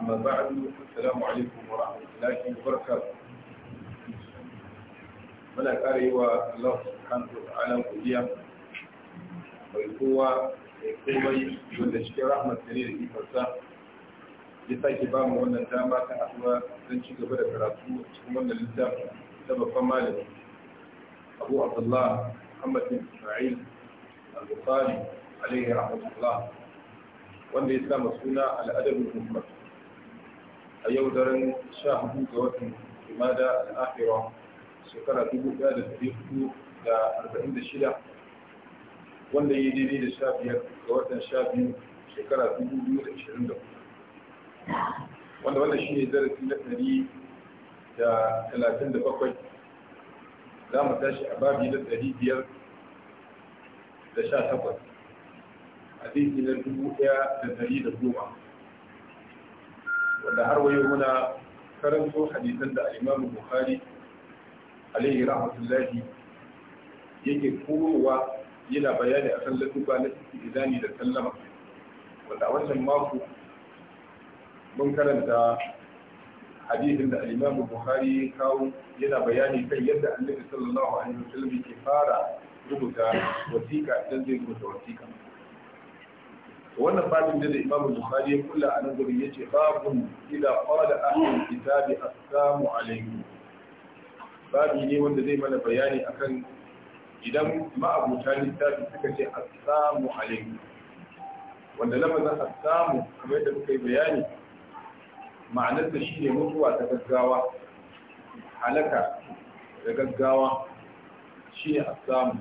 أما بعد السلام عليكم ورحمة الله وبركاته muna karewa Allah subhanahu wa ta'ala godiya bai kowa mai komai wanda cikin rahmat da ne da ifarsa ya ba mu wannan dama ta haɗuwa don ci gaba da karatu a cikin wannan littafin ta babban malami Abu Abdullah Muhammad bin Isma'il rahmatullah wanda ya sa suna al'adar adabul a yau daren sha hudu ga watan jumada al'afira shekara dubu daya da dari hudu da arba'in da shida wanda ya daidai da sha biyar ga watan sha biyu shekara dubu biyu da ashirin da wanda wanda shi ne darasi na dari da talatin da bakwai za mu tashi a babi na ɗari biyar da sha takwas hadisi na dubu daya da dari da goma wanda har wayo muna karanto hadisan da al-Imam Bukhari alaihi rahmatullahi yake kurowa yana bayani a kan latuba na izani da sallama wanda wannan mako mun karanta hadisin da al-Imam Bukhari kawo yana bayani kan yadda Annabi sallallahu alaihi wasallam ke fara rubuta wasiƙa idan zai rubuta wasiƙa wannan babin da Imam buhari ya kulla a nan gurin yace babun ila qala ahlul kitabi assalamu alaikum babi ne wanda zai mana bayani akan idan ma'abuta littafi suka ce assalamu alaikum wanda lafazin assalamu kamar yadda muka yi bayani ma'anarsa ne mutuwa ta gaggawa halaka da gaggawa shine assalamu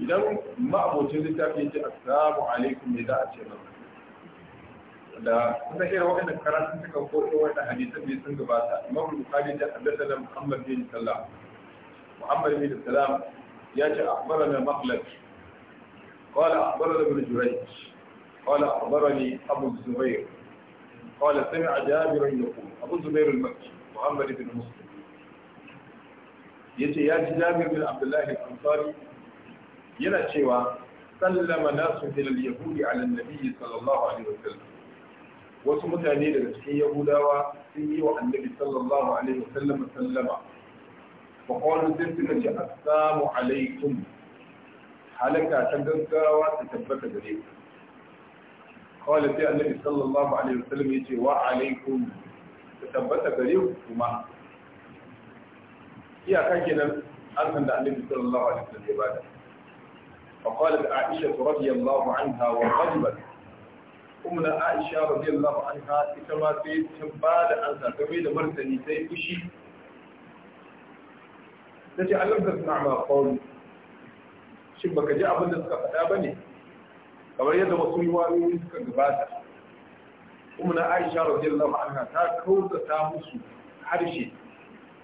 idan ma'abocin littafi yake assalamu alaikum me za a ce masa da kusan irin waɗannan karatun suka ko irin waɗannan hadisan ne sun gabata imam bukhari da haddathana muhammad bin sallam muhammad bin sallam ya ce akhbarana makhlad قال أخبرنا ابن جريج قال أخبرني أبو الزبير قال سمع جابر يقول أبو الزبير المكي محمد بن مسلم yace ya ji Jabir bin Abdullah al-Ansari yana cewa sallama nasu ilal yahudi ala nabi sallallahu alaihi wasallam wasu mutane daga cikin yahudawa sun yi wa annabi sallallahu alaihi wasallam sallama fa qalu sai suka ce assalamu alaikum halaka ta gaggawa ta tabbata gare ku qala sai annabi sallallahu alaihi wasallam yace wa alaikum ta tabbata gare ku kuma iyaka kenan an san da annabi sallallahu alaihi wasallam ya bada فقالت عائشة رضي الله عنها وغضبت أمنا عائشة رضي الله عنها كما في تنبال أنها تميد مرتني تيبشي تجي علم تسمع ما قول shin baka ji abin da suka faɗa ba ne kamar yadda wasu riwayoyi suka gabata kuma na aisha radiyallahu anha ta kautata musu harshe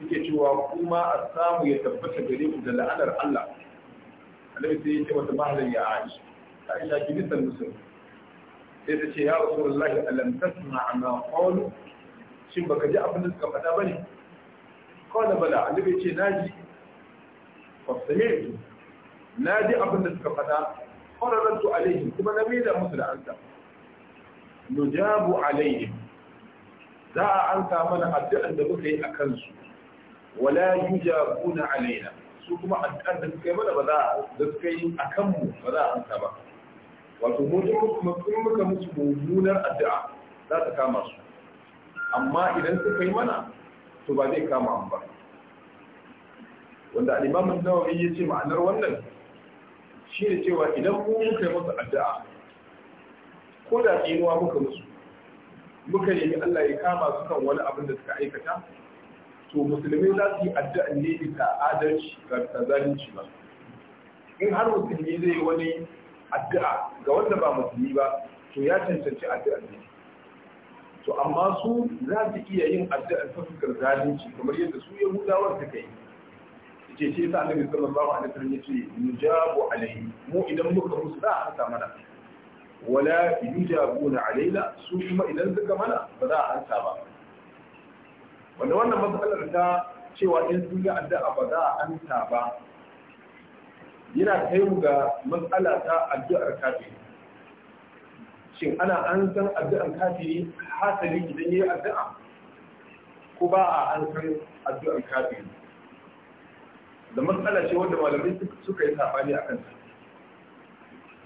suke cewa kuma a samu ya tabbata gare da la'anar Allah annabi sai ya ce mata mahalan ya aisha aisha ki bisa musulmi sai ta ce ya rasulullahi alam tasma ma qalu shin baka ji abin da suka faɗa ba bane qala bala annabi ce na naji fa na ji abin da suka faɗa qararantu alaihim kuma na maida musu da ansa nujabu alaihim za a ansa mana addu'an da muka yi a kansu wala yujabuna alaina su kuma addu'ar da suka yi mana ba za a da yi a kanmu ba za a amsa ba wato mu ne kuma sun muka musu mummunar addu'a za ta kama su amma idan suka yi mana to ba zai kama mu ba wanda al'imamin nawawi ya ce ma'anar wannan shi ne cewa idan mu muka yi musu addu'a ko da tsinuwa muka musu muka nemi Allah ya kama su kan wani abin da suka aikata to musulmi za su yi addu'a ne bisa adalci ga bisa zalunci ba in har musulmi zai yi wani addu'a ga wanda ba musulmi ba to ya cancanci addu'a ne to amma su za su iya yin addu'a ta fuskar zalunci kamar yadda su yahudawar suka yi ce ce sa annabi sallallahu alaihi wasallam yace nujabu alaihi mu idan muka musu za a mana wala yujabuna alaina su kuma idan suka mana ba za a ansa ba wanda wannan matsalar ta cewa in sun yi addu'a ba za a amsa ba yana kai mu ga matsala ta addu'ar kafiri shin ana an san addu'ar kafiri hasali idan yi addu'a ko ba a an san addu'ar kafiri da matsala ce wanda malamai suka yi sabani a ta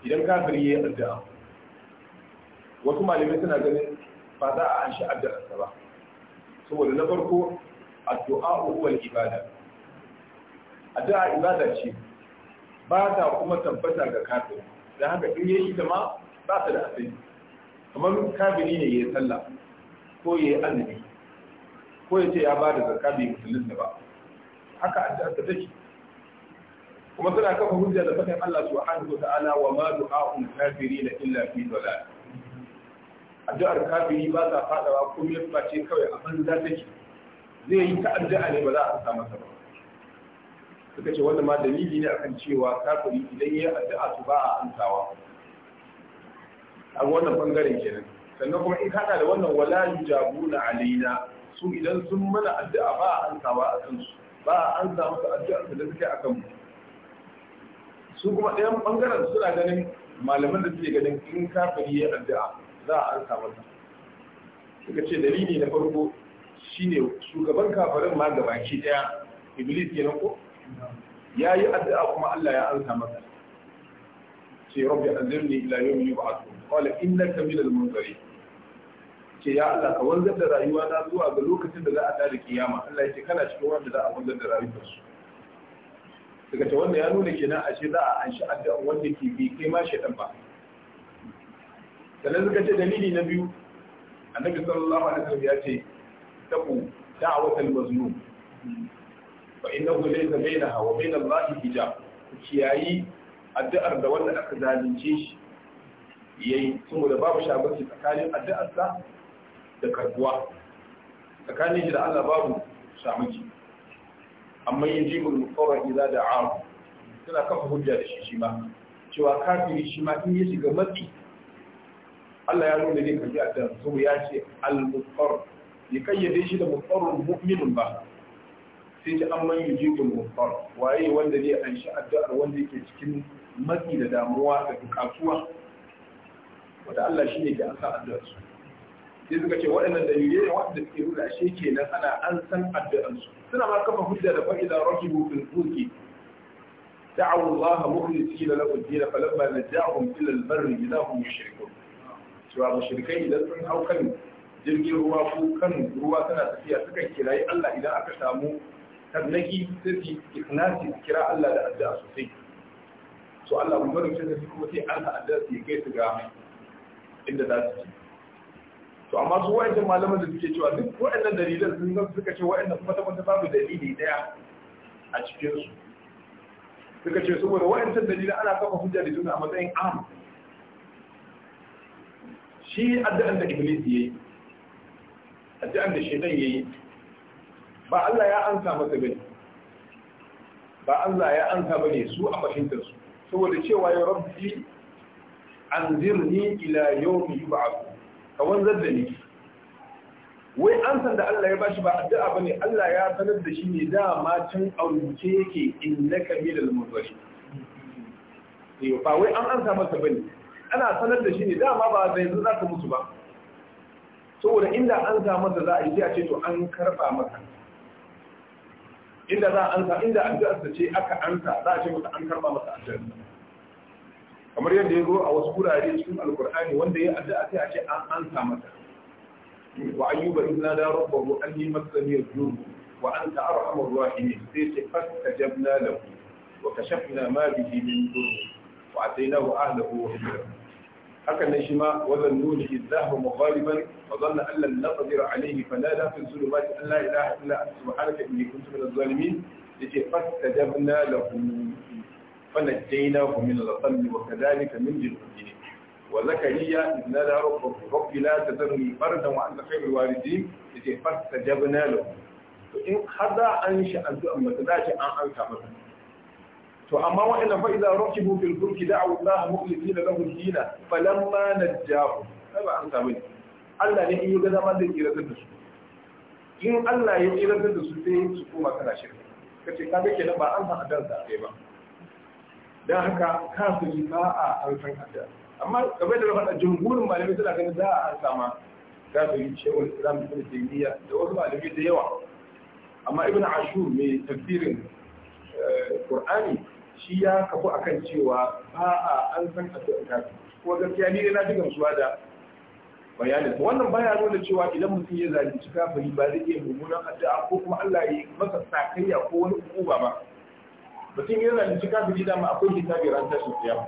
idan kafiri yi addu'a wasu malamai suna ganin ba za a an shi addu'arsa ba saboda na farko addu'a huwa ibada addu'a ibada ce ba ta kuma tabbata ga kafin da haka in yayi ita ma ba ta da asali kamar kafiri ne yayi sallah ko yayi annabi ko yace ya ba da zakka bai da ba haka addu'a ta take kuma suna kafa hujja da fatan Allah subhanahu wa ta'ala wa ma kafiri la illa fi dalal addu'ar kafiri ba ta fadawa ko ba ce kawai a banza take zai yi ta addu'a ne ba za a samu masa ba suka ce wannan ma dalili ne akan cewa kafiri idan ya addu'a su ba a antawa a wannan bangaren kenan sannan kuma in hada da wannan wala yujabuna alaina su idan sun mana addu'a ba a antawa a kansu ba a an musu addu'a su da suke akan su kuma ɗayan bangaren suna ganin malaman da suke ganin in kafiri ya addu'a za a ansa masa suka ce dalili na farko shine shugaban kafarin ma baki daya iblis kenan ko ya yi addu'a kuma Allah ya ansa masa ce rabbi anzirni ila yawmi yub'athu qala innaka minal munzirin ce ya Allah ka wanzar da rayuwa na zuwa ga lokacin da za a tare kiyama Allah ya ce kana cikin wanda za a wanzar da rayuwar su daga ta wanda ya nuna kenan ashe za a anshi addu'a wanda ke bi kai ma shedan ba sannan suka ce dalili na biyu annabi sallallahu alaihi wasallam ya ce da'wat al mazlum fa innahu laysa bainaha wa bain Allah hijab kiyayi addu'ar da wanda aka zalunce shi yayi saboda babu shabanci tsakanin sa da karbuwa tsakanin shi da Allah babu shabanci amma yaji mun qawla idza da'a suna kafa hujja da shi shi ma cewa kafiri shi ma in ya shiga matsi Allah ya nuna ne ka ji a so ya ce al-mutsar ya kayyade shi da mutsarun mu'minin ba sai ce an man yuji da mutsar waye wanda ne an shi addu'ar wanda yake cikin matsi da damuwa da bukatuwa Wata Allah shi ne ke an sa addu'ar su sai suka ce waɗannan dalilai ne waɗanda suke nuna ashe kenan ana an san addu'ar su suna ma kafa hujja da fa'ida rakibu fil fulki دعوا الله مخلصين له الدين فلما نجاهم الى البر اذا هم يشركون cewa mashirikai idan sun hau kan jirgin ruwa ko kan ruwa tana tafiya suka kirayi Allah idan aka samu tarnaki sai su su kira Allah da addu'a sosai so Allah kuma da shi su kuma sai an addu'a su kai su ga inda za su ci to amma su wa'annan malaman da suke cewa duk wa'annan dalilan sun zama suka ce wa'annan kuma tabbata babu dalili daya a cikin su suka ce saboda wa'annan dalilan ana kafa hujja da juna a matsayin amma shi addu'an da iblis yayi addu'an da shaytan yayi ba Allah ya ansa masa bane ba Allah ya ansa bane su a fahimtar su saboda cewa ya rabbi anzirni ila yau, mu yawmi yub'ath ka wanzar da ni wai an san da Allah ya bashi ba addu'a ne Allah ya sanar da shi ne dama can auluce yake in innaka minal munzari eh ba wai an ansa masa bane ana sanar da shi ne dama ba zai yanzu za ka mutu ba saboda inda an samu masa za a yi a ce to an karfa maka inda za a ansa inda addu'ar ce aka ansa za a ce masa an karba masa addu'ar kamar yadda ya zo a wasu wurare cikin alkur'ani wanda ya addu'a sai a ce an ansa masa wa ayyuba inna da rabbahu an yi masani yuzuru wa anta arhamur rahimin sai ce fastajabna lahu wa kashafna ma bihi min dur wa atainahu ahlahu wa hijrahu haka nan shi ma wazan nuni idahu mughaliban wa dhanna an lam naqdir alayhi fanada fi zulumati an la ilaha illa anta subhanaka inni kuntu min adh-dhalimin yace fastajabna lahu fanajjaynahu min al-ghammi wa kadhalika min al-mujrimin wa zakariya idh nada rabbahu rabbi la tadhurni fardan wa anta khayrul warithin yace fastajabna lahu to in hada an shi addu'a mata dace an anka masa to amma wa'annan fa idza rakibu fil fulki da'u Allah mukhlisina lahu ad-din falamma najjahu ba an samu Allah ne in yi gaza ma zai tsira da su in Allah ya tsira da su sai su koma kana shirka kace ga kenan ba an san adan sa kai ba dan haka kafiri ba a an san adan amma kamar da faɗa jumhurin malamai suna ganin za a an sama kafiri shehul islam ibn taymiya da wasu malamai da yawa amma ibn ashur mai tafsirin eh, qur'ani shi ya kafu akan cewa ba a an san addu'ar kafiri kuma gaskiya ni na fi gamsuwa da bayanin wannan baya nuna cewa idan mutum ya zalunci kafiri ba zai iya mummunan addu'a ko kuma Allah ya masa sakayya ko wani hukuma ba mutum ya zalunci kafiri dama akwai hisabi ranta tashin kiyama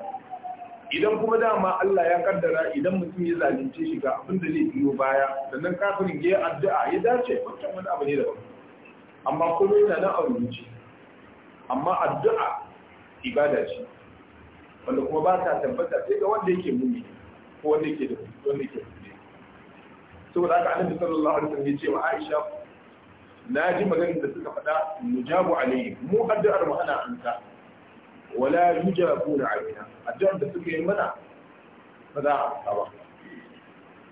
idan kuma dama Allah ya kaddara idan mutum ya zalunce shi ga abin da zai biyo baya sannan kafirin ya addu'a ya dace wancan wani abu ne ba. amma kuma yana nan a rubuce amma addu'a ibada ce wanda kuma ba ta tabbata sai ga wanda yake mumi ko wanda yake da wanda yake kuɗi saboda haka annabi sallallahu alaihi wasallam ya ce wa Aisha na ji maganar da suka faɗa mujabu alayhi mu addu'ar mu ana anta wala na alaina addu'ar da suka yi mana ba za a amsa ba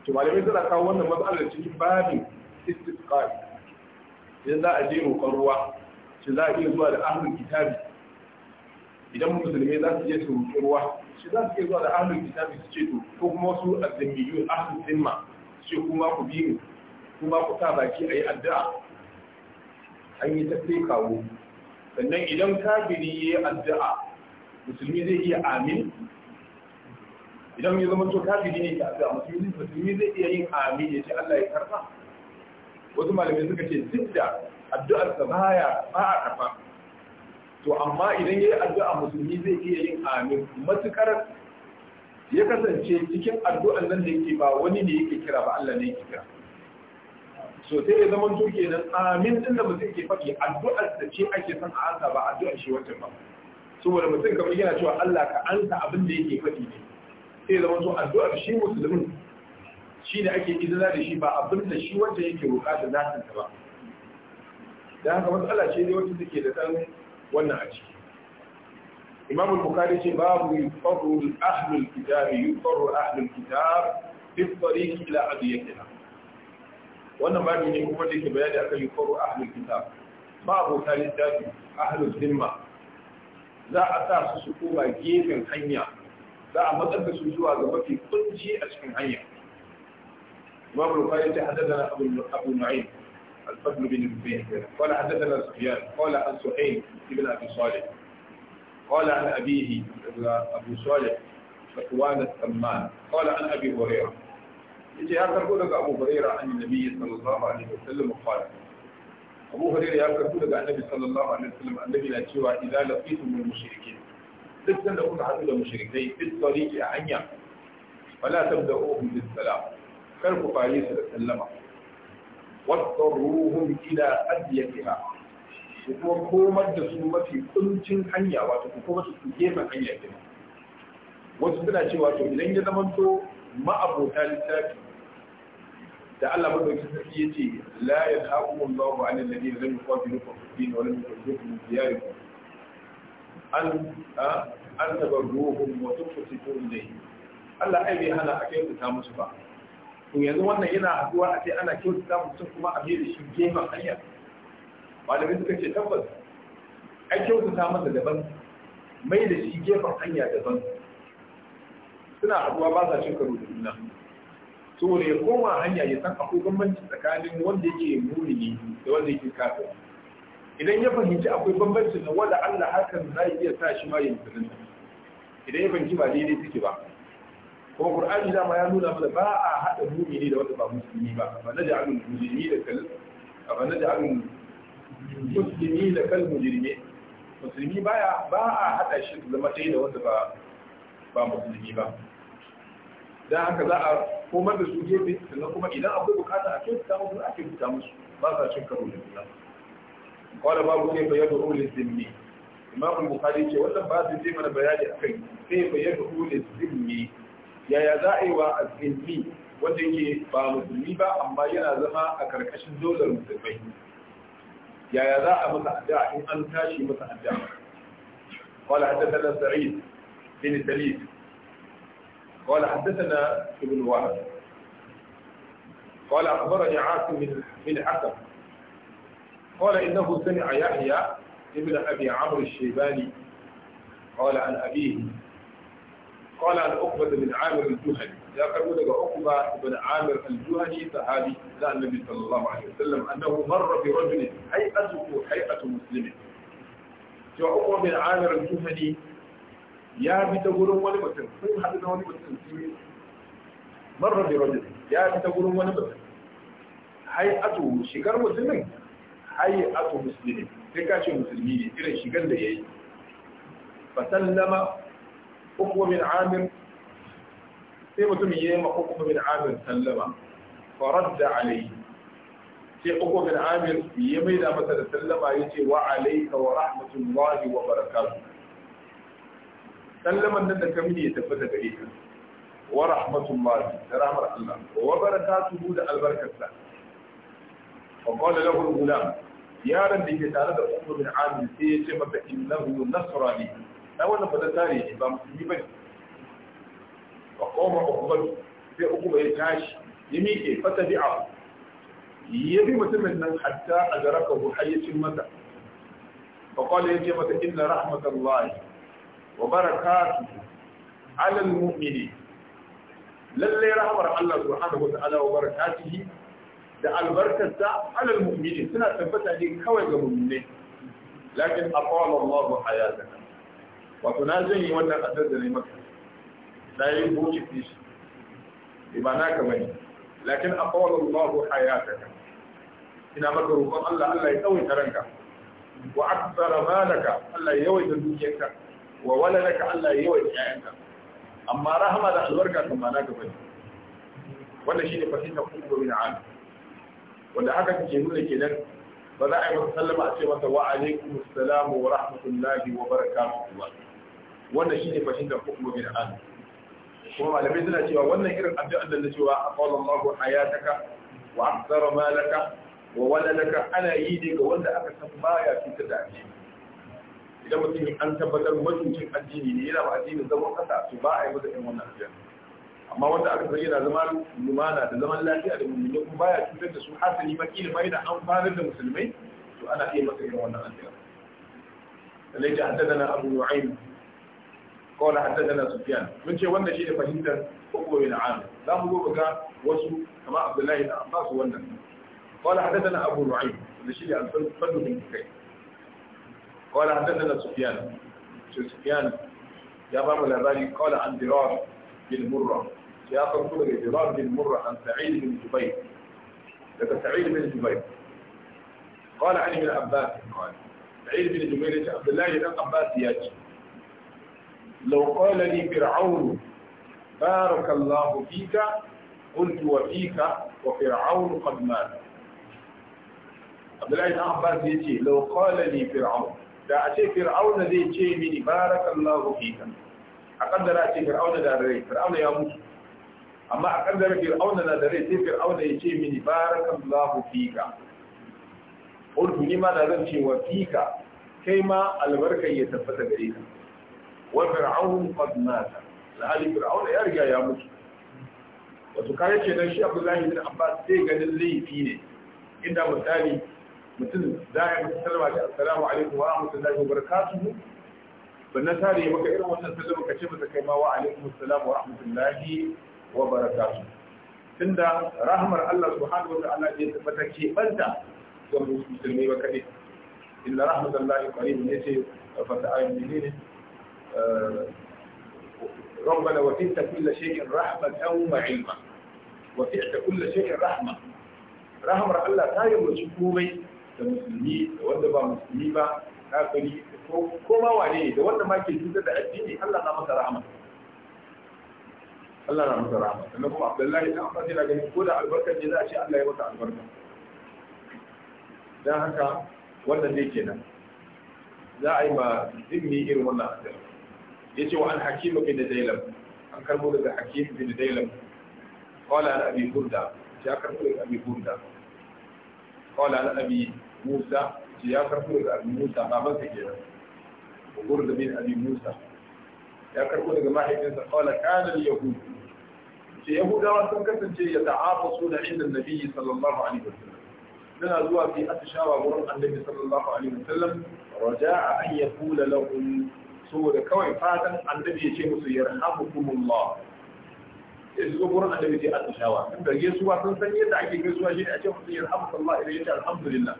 to malamai suna kawo wannan matsalar cikin babin istisqai idan za a je roƙon ruwa shi za a iya zuwa da ahlul kitabi idan musulmi za su je su rufe ruwa shi za su ke zuwa da ahlul kitabi su ce to ko kuma wasu azzamiyun ahlul zimma su ce kuma ku bi mu kuma ku sa baki a yi addu'a an yi ta sai kawo sannan idan kafiri ya yi addu'a musulmi zai iya amin idan ya zama to kafiri ne ya addu'a musulmi zai iya yin amin ya ce Allah ya karba wasu malamai suka ce duk da addu'ar sa baya ba a kafa. to amma idan yayi addu'a musulmi zai iya yin amin matukar ya kasance cikin addu'an nan da yake ba wani ne yake kira ba Allah ne yake kira so sai ya zama to kenan amin din da mutum yake faɗi addu'ar da ce ake son a ansa ba addu'ar shi wancan ba saboda mutum kamar yana cewa Allah ka ansa abin da yake faɗi ne sai zama to addu'ar shi musulmin shi ne ake izina da shi ba abin da shi wanda yake roƙa da zatin ba dan haka matsala ce ne wacce take da dan wannan a ciki imam al-bukhari ce babu yufarru ahlul kitab yufarru ahlul kitab fi tariq ila adiyatina wannan babu ne kuma da yake bayani akan yufarru ahlul kitab babu littafi, ahlul zimma za a sa su su koma gefen hanya za a matsar da su zuwa ga mafi kunci a cikin hanya imam al ce ta haddana abu nu'aym الفضل بن ربيع قال حدثنا سفيان قال عن سحيم بن ابي صالح قال عن ابيه ابو صالح شكوان السمان قال عن ابي هريره يجي هذا يقول لك ابو هريره عن النبي صلى الله عليه وسلم قال ابو هريره يقول لك عن النبي صلى الله عليه وسلم النبي لا تشوى اذا لقيتم المشركين لسنا لكم حدود المشركين في الطريق عنيا فلا تبدؤوهم بالسلام الله عليه وسلم واضطروهم إلى أديتها kuma komar da su mafi kuncin hanya wato ku kuma su gefen hanya kenan wasu suna cewa to idan ya zama to ma'abota littafi da Allah madaukakin sarki yace la yadhaqukum Allahu 'ala alladhina lam yuqatilukum fi din wa lam yukhrijukum min diyarikum an an tabarruhum wa tuqsitu ilayhi Allah ai bai hana a kai ta musu ba to yanzu wannan yana haɗuwa a ce ana kyautata mutum kuma a da shi gefen hanya malamai suka ce tabbas ai kyautata masa daban mai da shi gefen hanya daban suna haɗuwa ba sa cin karo da juna saboda ya koma hanya ya san akwai bambanci tsakanin wanda yake mumini da wanda yake kafin idan ya fahimci akwai bambanci na wanda Allah hakan zai iya sa shi ma ya idan ya fahimci ba daidai suke ba ko qur'ani da ma ya nuna mana ba a hada mu'mini da wanda ba musulmi ba fa naj'alul muslimi da kal fa naj'alul muslimi da kal mujrimi musulmi baya ba a hada shi zama dai da wanda ba ba musulmi ba dan haka za a komar da su gefe sannan kuma idan akwai bukata a kyautata musu a kyautata musu ba sa cin karo da juna qala babu ba yad'u lil-dhimmi imam al-bukhari ce wannan ba zai mana bayani akai kayfa yad'u lil-dhimmi yaya za a yi wa al'ilmi wanda yake ba musulmi ba amma yana zama a ƙarƙashin dolar musulmai yaya za a masa addu'a in an tashi masa addu'a qala hadathana sa'id bin talib qala hadathana ibn wahab qala akhbarani asim bin bin hakam qala innahu a yahya ibn abi amr ash-shaybani qala an abihi قال عن عقبة بن عامر الجهني يا قرود عقبة بن عامر الجهني صحابي لا النبي صلى الله عليه وسلم أنه مر برجل هيئته هيئة مسلم يا عقبة بن عامر الجهني يا بتقولون ولي مثل سن حدنا ولي مثل مر برجل يا بتقولون ولي مثل هيئته شكر مسلم هيئة مسلم sai ka ce musulmi ne irin shigar da ya yi fasallama uku bin amir sai mutum ya yi ma uku bin amir sallama Farad da alai sai uku bin amir ya mai da masa da sallama ya ce wa alaika wa rahmatullahi wa barakatu sallaman nan da kamini ya tabbata gare ka wa rahmatullahi da rahmar Allah wa barakatuhu da albarkarsa wa qala lahu al-ghulam yaron da ke tare da uku bin amir sai ya ce masa innahu ne. ai wannan ba tare shi ba musulmi ba ne ba koma hukumar sai hukuma ya tashi ya miƙe fata bi'a ya bi mutumin nan hatta a zaraka hu hayyacin mata fa qala yake mata inna rahmatallahi wa barakatuhu ala almu'minin Lallai rahmar Allah subhanahu wa ala, wa barakatuhu da albarkarsa ala almu'minin suna tabbata ne kawai ga mu'mini lakin aqala Allahu hayatana wato na zan yi wannan addu'ar da ne maka na yi buci fi shi ba na ka bane lakin aqwala Allahu hayataka ina maka roƙon Allah Allah ya tsawaita ranka wa aktsara malaka Allah ya yawaita dukiyarka wa waladaka Allah ya yawaita ƴaƴanka amma rahama da albarka kan ma naka bane wannan shine fahimta kullu min alim wanda haka take nuna kenan ba za a yi masa sallama a ce masa wa alaikumus salam wa rahmatullahi wa barakatuh wannan shine fahimtar hukumu bin an kuma malamai suna cewa wannan irin addu'an da na cewa aqala Allahu hayataka wa akthara malaka wa waladaka ana yi ne ga wanda aka san baya cutar da addini idan mutum an tabbatar mutuncin addini ne yana ba addini zaman kasa to ba a yi masa irin wannan addu'a amma wanda aka san yana zaman lumana da zaman lafiya da mummuni kuma baya cutar da su hasali ma kila ma yana amfanar da musulmai to ana iya masa irin wannan addu'a. Lalle حدثنا أبو نعيم قال حدثنا سفيان من شيء وانا شيء فهمت هو من عامر لا هو بقى وسو كما عبد الله بن عباس وانا قال حدثنا ابو نعيم الشيء الفرد من كيف قال حدثنا سفيان سفيان يا بابا الاباري قال عن درار بن مرة يا فرقنا درار بن مرة عن سعيد بن جبير لك سعيد بن جبير قال عن ابن عباس قال سعيد بن جبير عبد الله بن عباس ياتي لو قال لي فرعون بارك الله فيك قلت وفيك وفرعون قد مات عبد الله عباس يجي لو قال لي فرعون da a ce fir'auna zai ce mini barakallahu fika a kaddara a ce fir'auna da rai fir'auna ya mutu amma a kaddara fir'auna na da rai sai fir'auna ya ce mini barakallahu fika qultu ni ma da zan ce kai ma albarka ya tabbata gare wa fir'aun qad mata la hali fir'aun ya riga ya mutu wato kare ce dan shi a bin Abbas sai ganin laifi ne inda misali mutum za a yi masa da assalamu alaikum wa rahmatullahi wa barakatuhu sannan tare ya maka irin wannan sallama ka ce masa kai ma wa alaikum assalam wa rahmatullahi tunda rahmar Allah subhanahu wa ta'ala banta ga ba inna ne ne ربنا وفئت كل شيء رحمة وعلما وفئت كل شيء رحمة رحمة الله تعالى وشكومي da musulmi da wanda ba musulmi ba kafiri ko koma wane da wanda ma ke cutar da addini Allah na masa rahama Allah na masa rahama sannan kuma Abdullahi dan Abbas yana ganin ko da albarka ne za a Allah ya masa albarka dan wannan za a yi ma irin wannan يتي وعن حكيم بن ديلم عن كرمولة حكيم بن ديلم قال عن أبي بردى يتي أكرمولة أبي بردى قال عن أبي موسى يتي أكرمولة أبي موسى بابا سجيرا وبرد بن أبي موسى يتي أكرمولة ما حكيم قال كان اليهود يتي يهود أرسل كثم يتعاطسون عند النبي صلى الله عليه وسلم من أدوى في أتشاوى مرحبا النبي صلى الله عليه وسلم رجاء أن يقول لهم da kawai fatan annabi ya ce musu yarhamukumullah ya zo gurin annabi ce atishawa tun da gaisuwa sun san yadda ake gaisuwa shi ne a ce musu yarhamukumullah idan ya ce alhamdulillah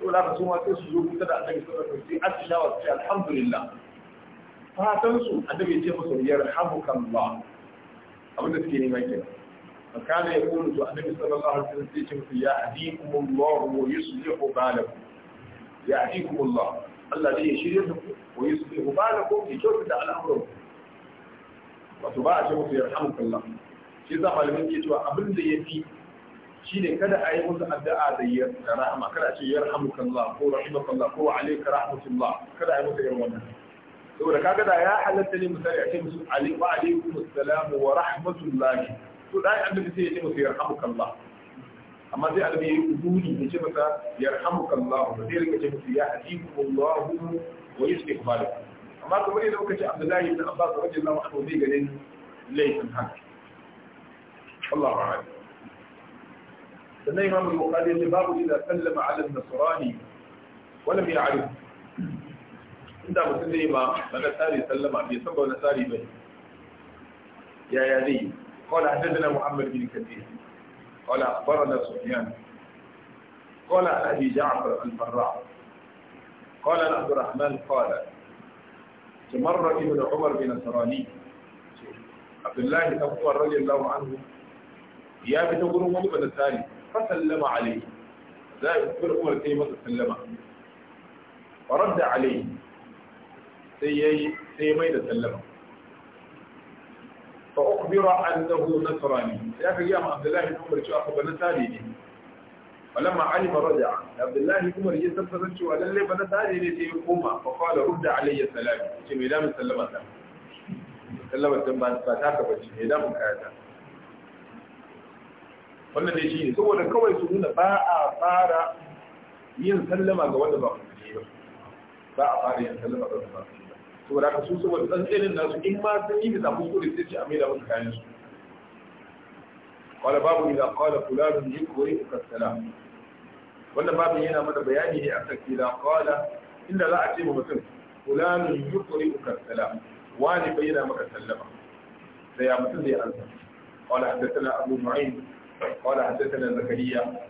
to da su ma sai su zo kusa da annabi sun alaihi wasallam atishawa su ce alhamdulillah fatan su annabi ya ce musu yarhamukumullah abin da suke neman kenan فكان يقول النبي صلى الله عليه وسلم يهديكم الله ويصلح بالكم يهديكم الله Allah ne ya shirya da ku wa yi su ne ku bada ko ki kyautu da al'amuran wato ba a ce musu yarhamu kallah shi za malamin ke cewa abin da ya fi shi ne kada a yi musu addu'a da ya rahama kada a ce yarhamu kallah ko rahima kallah ko alaika rahmatullah kada a yi musu irin wannan saboda kaga da ya halatta ne misali a ce musu alaikum assalamu wa rahmatullah to dai annabi sai ya ce musu yarhamu kallah amma sai annabi yayi uduni ya ce masa yarhamukallahu sai rika ce masa ya hadikumullahu wa yuslih balakum amma kamar yadda muka ce Abdullahi ibn Abbas radiyallahu anhu zai ganin laifin haka Allahu a'lam sannan Imam al-Bukhari ya ce babu idan sallama ala an-nasrani wa lam ya'rif inda mutum ne ma na tsari sallama bai san ba wani tsari ba yaya zai yi. قال حدثنا محمد بن كثير قال أخبرنا سفيان قال عن أبي جعفر الفراع قال عبد الرحمن قال تمر ابن عمر بن سراني عبد الله بن عمر رضي الله عنه يا بن عمر بن سالم فسلم عليه لا يذكر عمر كلمة سلم فرد عليه سيميد سلمه fa ukhbira annahu nasrani ya ka gaya wa abdullahi ibn umar cewa fa nasari ne falamma alima raja'a abdullahi ibn umar ya tabbatar cewa lalle ba nasari ne sai ya koma fa qala rudda alayya salam ce mai da sallama ta ta wannan ne shi saboda kawai su nuna ba a fara yin sallama ga wanda ba musulmi ba ba a fara yin sallama ga wanda ba saboda haka su saboda tsantsenin nasu in ma sun yi bisa kuskure sai ce a maida musu kayan su qala babu idza qala fulanun yakuri kasalam Wanda babin yana mana bayani ne akan idza qala inda za a ce mutum fulanun yakuri kasalam wani yana maka sallama sai ya mutum zai ansa qala hadathana abu nu'aym qala hadathana zakariya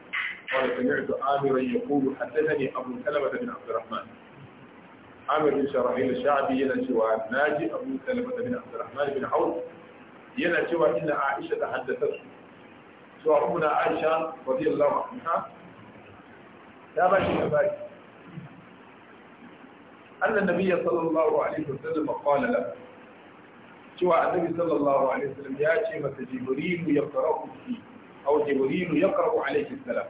قال سمعت عامرا يقول حدثني ابو سلمه بن عبد الرحمن عامر بن شرحيل الشعبي يلا شوى ناجي أبو سلمة بن عبد الرحمن بن عوف يلا شوى إن عائشة تحدثت شوى أمنا عائشة رضي الله عنها يا باشي يا باشي أن النبي صلى الله عليه وسلم قال له شوى النبي صلى الله عليه وسلم يا شيمة جبريل يقرأ في أو جبريل يقرأ عليه السلام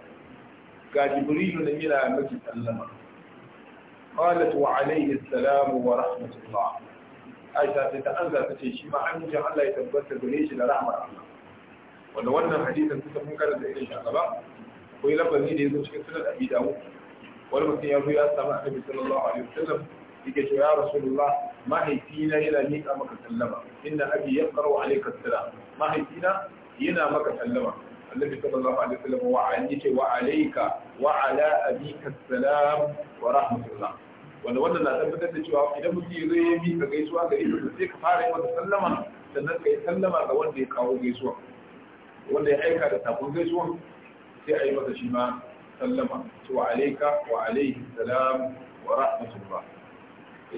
قال كجبريل نمينا مجد اللمر قالت وعليه السلام ورحمة الله عائشة تتأذى تشيشي ما أنه جعل الله يتبت بريش لرحمة الله wanda wannan hadisin kusa mun karanta irin shi gaba ko lafazi da yazo cikin sunan Abi Dawud wani mutum ya zo ya samu Annabi sallallahu alaihi wasallam ya Rasulullah mahaifina yana miƙa maka sallama inda abi ya karo alaika sallama mahaifina yana maka sallama Annabi sallallahu alaihi wasallam wa alayka wa ala abika salam wanda wannan na tabbatar da cewa idan mutum zai yi mi gaisuwa gari ga ita sai ka fara yi masa sallama sannan ka yi sallama ga wanda ya kawo gaisuwa wanda ya aika da sakon gaisuwan sai a yi masa shi ma sallama cewa alaika wa alaihi salam wa rahmatullah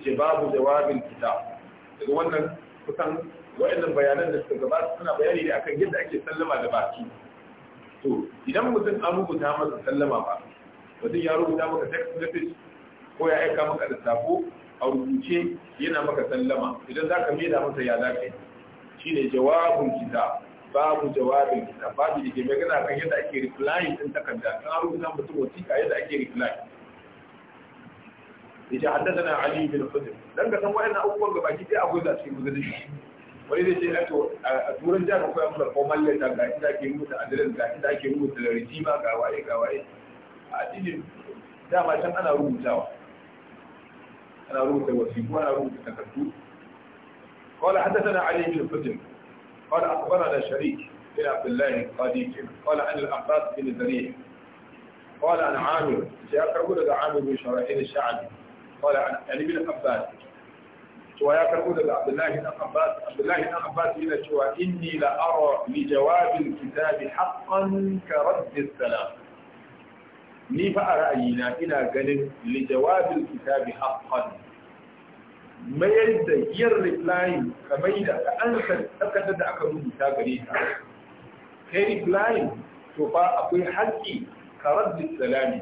ce babu jawabin kitab daga wannan kusan wa'annan bayanan da suka gabata suna bayani ne akan yadda ake sallama da baki to idan mutum an rubuta masa sallama ba mutum ya rubuta maka text message ko ya aika maka da sako a rubuce yana maka sallama idan za ka maida masa ya za ka shi ne jawabin kita babu jawabin kita babu da ke gana kan yadda ake reply ɗin takarda kan rubuta mutum wasiƙa yadda ake ke haddasa na ali bin hudayr dan ka san na abubuwan gaba ki dai akwai da cikin gudunin shi wani zai ce eh, to a turin jihar ko amma ko mallan da ga inda ake rubuta address ga inda ake rubuta receiver ga waye ga waye a cikin dama can ana rubutawa أنا أروت توسيم وأنا أروت تكتب قال حدثنا علي بن فتن قال أخبرنا شريك بن عبد الله القاديك قال عن الأقراص بن زريع قال عن عامر سيقرؤون لدى عامر بن شرائين الشعبي قال عن علي بن عباس ويقرؤون لدى عبد الله بن عباس عبد الله بن عباس إلى شوى إني لأرى لجواب الكتاب حقا كرد السلام ni fa a ra'ayina ina ganin li jawabil kitabi haqqan mayar da yar replying kamar da ka ansa takardar da aka rubuta gare ka kai replying to fa akwai haƙƙi ka raddi salami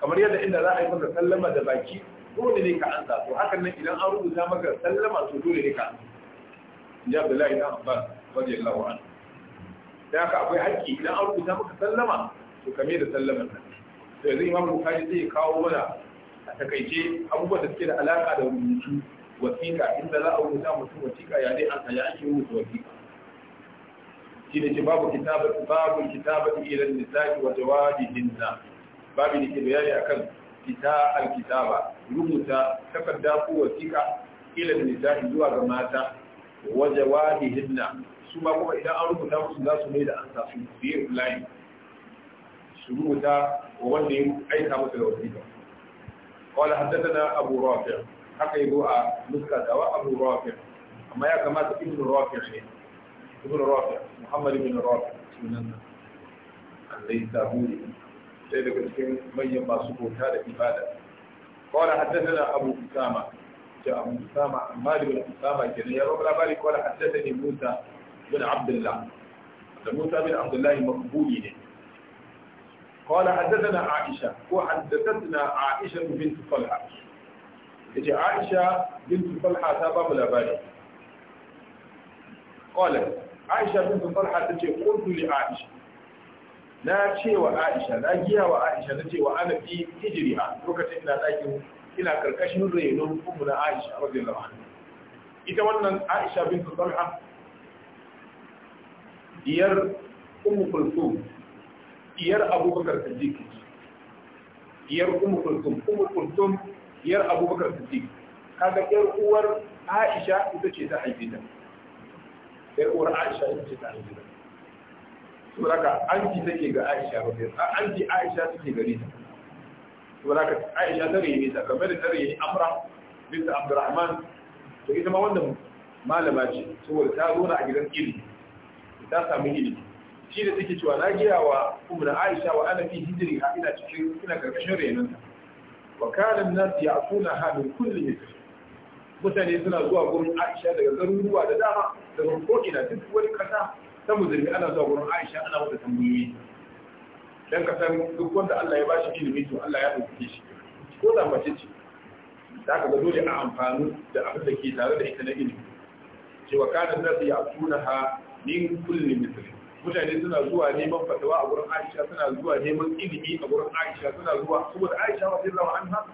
kamar yadda inda za a yi maka sallama da baki dole ne ka ansa to hakan nan idan an rubuta maka sallama to dole ne ka ansa ya Abdullahi ibn Abbas radiyallahu anhu da haka akwai haƙƙi idan an rubuta maka sallama to kame da sallaman nan to yanzu imam bukari zai kawo mana a takaice abubuwan da suke da alaka da rubutu wasiƙa inda za a rubuta mutum wasiƙa ya dai an ya ake rubuta wasiƙa shi ne ce babu kitabatu babu lissafi ila nisa'i wa jawabihinna babu ne ke bayani akan fita alkitaba rubuta takarda ko wasiƙa ilan nisa'i zuwa ga mata wa hinna su ma kuma idan an rubuta musu za su mai da ansa su yi line شموتا وغنيم أي تابوت الوزيدة قال حدثنا أبو رافع حقي بوعى نسكة دواء أبو رافع أما يا كما ابن رافع ابن رافع محمد بن رافع بسم الله الذي تابوني سيدة كتكين من يبع سبوت هذا إبادة قال حدثنا أبو إسامة جاء أبو إسامة مال بن إسامة جنيا رب العبالي قال حدثني موسى بن عبد الله موسى بن عبد الله مقبولين قال حدثنا عائشة وحدثتنا عائشة بنت طلحة يجي عائشة بنت طلحة تابع الأباني قالت عائشة بنت طلحة تجي قلت لعائشة na ce wa Aisha na giya wa Aisha na ce wa ana fi hijriha ina ɗakin ina karkashin renon ummu na Aisha radiyallahu anha ita wannan Aisha bintu diyar ummu diyar abubakar siddiq diyar ummu kulsum ummu kulsum diyar abubakar siddiq kaga yar uwar aisha ita ce ta haife ta yar uwar aisha ita ce ta haife ta saboda ka anti take ga aisha ba anti aisha take gare ta saboda ka aisha ta rayu ta kamar da ta rayu amra binta abdurrahman to ita ma wannan malama ce saboda ta zo na a gidan ilimi ta samu ilimi shi da take cewa na gaya wa umar aisha wa ana fi hijiri ha ina cikin ina karkashin renon wa kanan ya ya'tuna ha min kulli misr mutane suna zuwa gurin aisha daga garuruwa da dama daga ko ina duk wani kasa ta muzurmi ana zuwa gurin aisha ana wata tambayoyi dan ka san duk wanda Allah ya bashi ilimi to Allah ya dauke shi ko da mace ce da ka ga dole a amfani da abin da ke tare da ita na ilimi cewa kanan ya ya'tuna ha min kulli misr mutane suna zuwa neman fatawa a gurin Aisha suna zuwa neman ilimi a gurin Aisha suna zuwa saboda Aisha wa sallallahu anha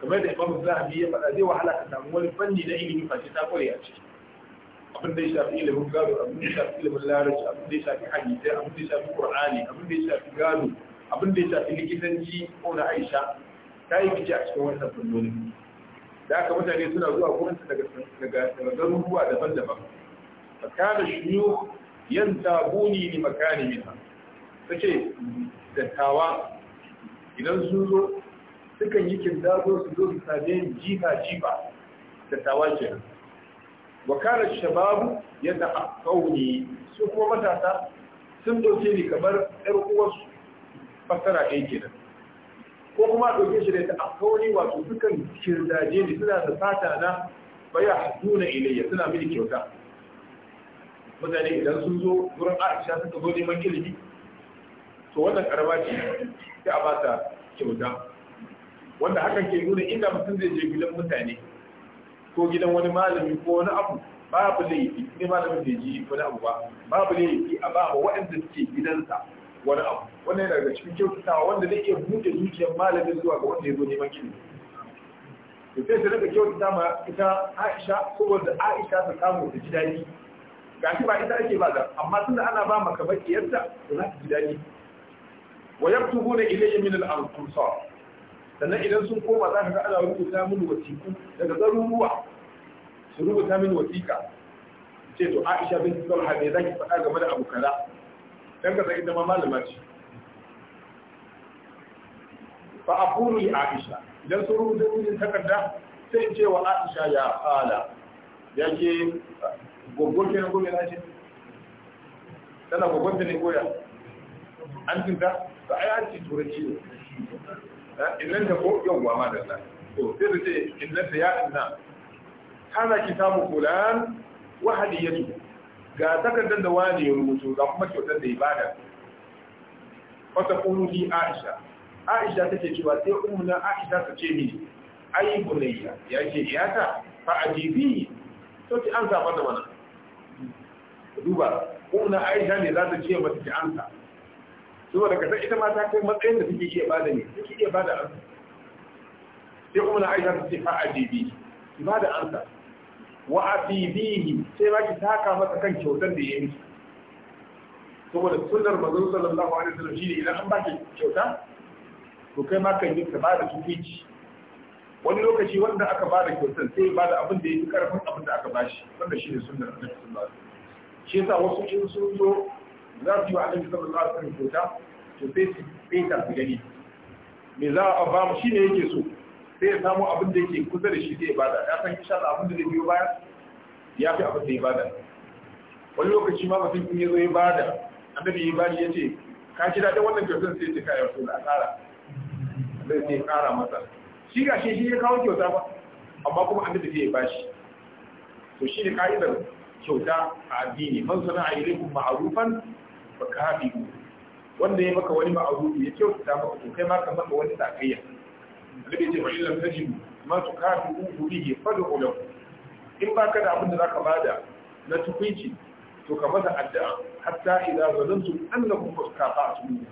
kamar da Imam Zahabi ya faɗa zai wahala ka samu wani fanni na ilimi face ta kware a ciki abin da ya shafi ilimin gado abin da ya shafi ilimin larabci abin da ya shafi hadisai abin da ya shafi Qur'ani abin da ya shafi gado abin da ya shafi likitanci ko na Aisha ta yi fice a cikin wannan fannoni da aka mutane suna zuwa gurin daga daga garuruwa daban-daban fakana shuyukh yan sabuni ni makani mina tace dattawa idan sun zo sukan yi kindazo su zo su same jifa jifa dattawa kenan wakalar shababu ya ta'aqqawni su kuma matasa sun doke ni kamar 'yar uwarsu fassara ɗaya kenan ko kuma ɗauke shi da ta'aqqawni wato dukan kirdaje ne suna da fata na baya haduna ilayya suna mini kyauta mutane idan sun zo wurin aisha suka zo neman ilimi to wannan karama ce ta a bata kyauta wanda hakan ke nuna inda mutum zai je gidan mutane ko gidan wani malami ko wani abu babu laifi ne malamin bai ji wani abu ba babu laifi a ba wa waɗanda suke gidansa wani abu wannan yana daga cikin kyautatawa wanda zai iya buɗe zuciyar malamin zuwa ga wanda ya zo neman ilimi to sai ta daga kyautata ma ita Aisha saboda Aisha ta samu ta ji daɗi gashi ba ita ake ba amma tunda ana ba maka bakiyarta to za ka ji daɗi wa yaktubuna ilayya min al-amsar sannan idan sun koma za ka ga ana rubuta mini wasiku daga garuruwa su rubuta mini wasika ce to Aisha bin Talha ne ki faɗa game da abu kaza dan ka zai ita ma malama ce fa aqulu li Aisha idan sun rubuta mini takarda sai in ce wa Aisha ya qala yake Gogon ke na gobe na ce tana gogonta ne goya an tunta ta ai an ci turanci eh, nan ta ko yau ba ma da ta to sai da ce illanta ya inna ki samu kulan wa hadiyatu ga takardar da wani ya rubuto ga kuma kyautar da ibada wata kunu ni aisha aisha take cewa sai umuna aisha ta ce mini ai bunayya ya ce iyata fa ajibi to ki an zaba da wannan duba na aisha ne za ta ce mata ki ansa saboda ka san ita ma ta kai matsayin da take iya bada ne take iya bada ansa sai na aisha ta ce fa ajibi ki bada ansa wa afibihi sai ba ki taka masa kan kyautar da ya miki saboda sunnar manzon sallallahu alaihi wasallam shine idan an baki kyauta to kai ma kan yi ka bada tukici wani lokaci wanda aka bada kyautar sai bada abin da ya fi karfin abin da aka bashi wanda shine sunnar annabi sallallahu alaihi wasallam shi yasa wasu in sun zo za su yi wa annabi sallallahu alaihi wasallam kyauta to sai su fita su gani me za a ba mu Shi ne yake so sai ya samu abin da yake kusa da shi zai ibada ya san insha Allah abin da zai biyo baya ya fi abin da ya ibada wani lokaci ma mutum in ya zo ya ibada annabi ya bani ya ce ka ji daɗin wannan kyautar sai ta ka yarsu da ƙara zai sai ƙara masa shi ga shi shi ya kawo kyauta ba amma kuma annabi zai bashi to shi ne ka'idar kyauta a addini man sana a ba ka fa ku. wanda ya maka wani ma'arufi ya kyautata maka to kai ma ka maka wani sakayya alibi ce wa illam tajibu ma tukafi'u ke fada ulau in ba ka da abin da zaka bada na tukunci to ka masa addu'a hatta idza zalantum annakum a kafa'tum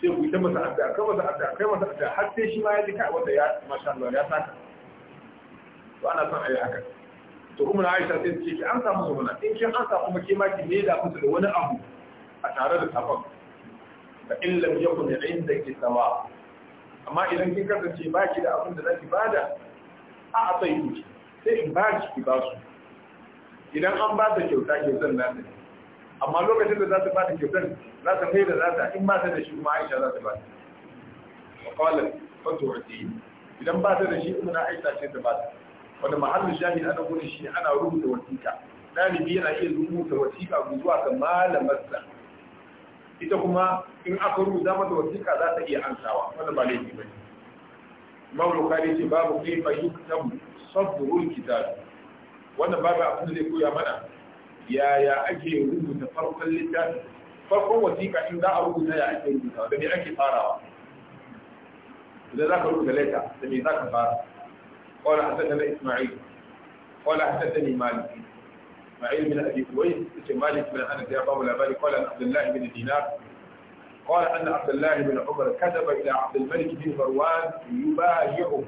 sai ku ta masa addu'a kai masa addu'a kai masa addu'a har sai shi ma ya ji ka wanda ya masha Allah ya saka to ana son yi haka to Aisha sai suke ki an samu su mana in kin an samu kuma ke ma ki ne da musu da wani abu a tare da safan Ba in lam yakun indaki sawa amma idan kin kasance ba ki da abin da zaki bada a abai ki sai in ba ki ba su idan an ba ta kyauta ke kyautar na ta amma lokacin da za ta ba ta kyautar za ta kai da za ta in ba ta da shi kuma Aisha za ta ba ta wa qala fatu idan ba ta da shi umma Aisha ce ta ba ta wanda mahallin shahid ana gudun shi ana rubuta wasiƙa ɗalibi yana iya rubuta wasiƙa zuwa ga malamarsa ita kuma in aka rubuta mata wasiƙa za ta iya ansawa wanda ba laifi ba ne mawul kare ce babu kai fa yuktab sabrul kitab wannan babu abin da zai koya mana yaya ake rubuta farkon littafi farkon wasiƙa in za a rubuta ya ake rubuta da me ake farawa idan za ka rubuta leta da me za ka fara قال حدثنا إسماعيل قال حدثني مالك إسماعيل بن أبي كويس مالك بن أنس يا قوم الأبالي قال عن عبد الله بن دينار قال أن عبد الله بن عمر كتب إلى عبد الملك بن مروان يبايعه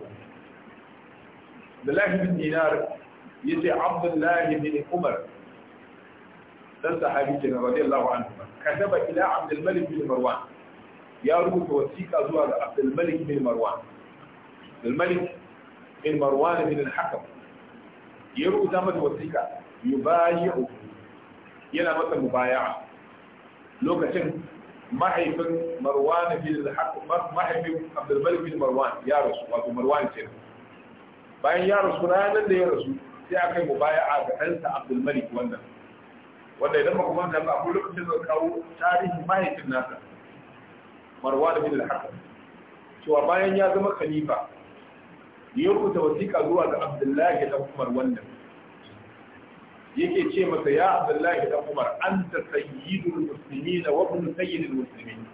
عبد الله بن دينار يتي عبد الله بن عمر dan sahabi kenan radiyallahu anhu kataba ila Abd al-Malik bin Marwan ya rubuta wasiqa zuwa ga Abd al-Malik bin Marwan Abd al-Malik bin marwan bin al-hakam ya rubuta masa wasiƙa yubayi'u yana masa mubaya'a lokacin mahaifin marwan bin mahaifin abdul bin marwan ya rasu wato marwan ce bayan ya rasu ranar da ya rasu sai aka yi mubaya'a ga ɗansa abdul malik wannan wanda idan baka manta ba akwai lokacin da kawo tarihin mahaifin nasa marwan bin bayan ya zama khalifa ya rubuta wasiƙa zuwa ga Abdullahi dan Umar wannan yake ce masa ya Abdullahi dan Umar anta sayyidul muslimin wa ibn sayyidil muslimin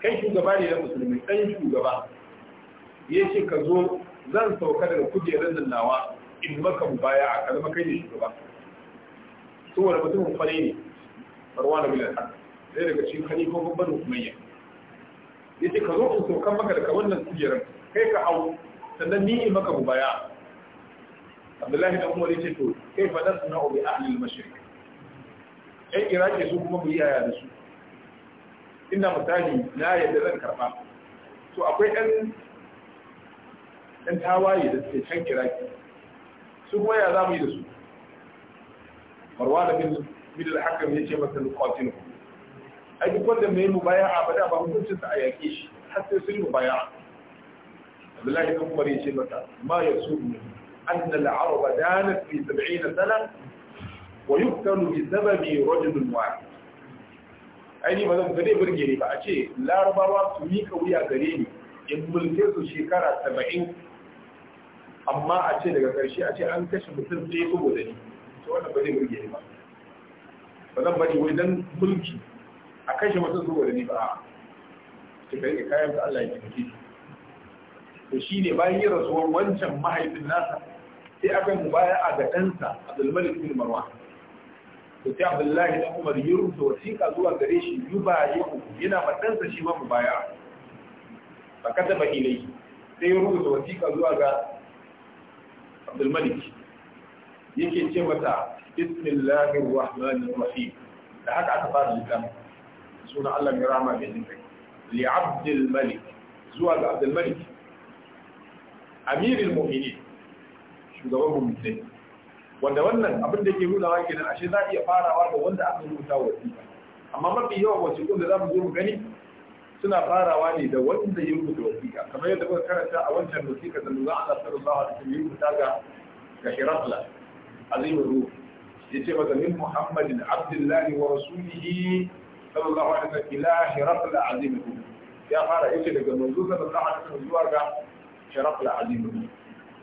kai shugaba ne na musulmi dan shugaba yace ka zo zan sauka daga kujerar nan nawa in maka baya a kalma kai ne shugaba saboda mutumin fare ne farwan bin al-haq sai daga cikin khalifofin banu umayya yace ka zo in sauka maka daga wannan kujerar kai ka hau sannan ni in maka mubaya abdullahi dan umar yace to kai fa dan suna bi ahli al-mashriq ai iraki su kuma mu yi yaya da su ina misali na yadda zan karba to akwai ɗan ɗan tawaye da suke can iraki su kuma ya za mu yi da su marwa da bin bin al-hakam yace masa luqatinu ai duk wanda mai mubaya'a ba da ba hukuncinsa a yake shi har sai sun mubaya'a abdullahi ibn umar yace mata ma yasum an al-arab danat fi 70 sana wa yuktalu aini ba zan gane birge ne ba a ce larabawa su mika wuya gare ni in mulke su shekara 70 amma a ce daga karshe a ce an kashe mutum ɗaya saboda ni to wannan ba zai birge ne ba ba zan bari wani dan mulki a kashe mutum saboda ni ba a cikin kayan ta Allah ya tafi to ne bayan yin rasuwar wancan mahaifin nasa sai aka mu baya a ga ɗansa abdulmalik bin marwan to sai abdullahi dan umar ya rubuta wasiƙa zuwa gare shi yuba ya yana ma ɗansa shi ma mu baya ba ka taɓa ilai sai ya rubuta wasiƙa zuwa ga abdulmalik yake ce mata bismillahir rahmanir rahim da haka aka fara littafin suna Allah mai rahama bin jinkai li abdul zuwa ga abdul amirul mu'minin shugaban mu'minin wanda wannan abin da ke nuna wa kenan ashe za a iya farawa da wanda aka rubuta wasiƙa amma mafi yawa wasiƙun da za mu zo mu gani suna farawa ne da wanda ya rubuta wasiƙa kamar yadda kuka karanta a wancan wasiƙa da nuna Allah sallallahu alaihi wasallam ya rubuta ga ga Hirakla azimur ruh yace maka min Muhammadin Abdullahi wa rasulihi sallallahu alaihi wasallam ila Hirakla azimur ruh ya fara yace daga manzo sallallahu alaihi wasallam zuwa ga sharaf al'azim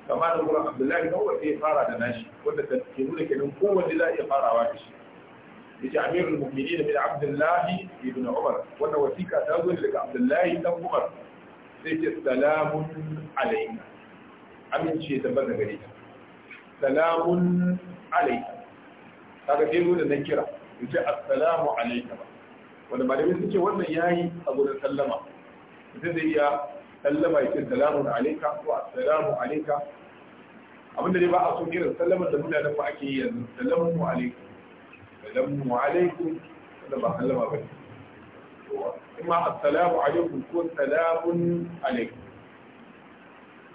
kamar da wurin abdullahi na wanda ya fara da nashi wanda ke nuna kenan kowanne za a iya farawa da shi yace amirul da bin abdullahi ibn umar wannan wasiƙa ta zo daga abdullahi dan umar sai ce salamun alayka amince ta bada gare ka salamun alayka kaga sai zo da nan kira yace assalamu ba, wanda malamin suke wannan yayi a gurin sallama sai zai iya sallama yake salamun alaika ko assalamu alaika abinda dai ba a son irin sallaman da muna nan ba ake yi yanzu salamu alaikum salamu alaikum wanda ba sallama ba ne kuma assalamu alaikum ko salamun alaikum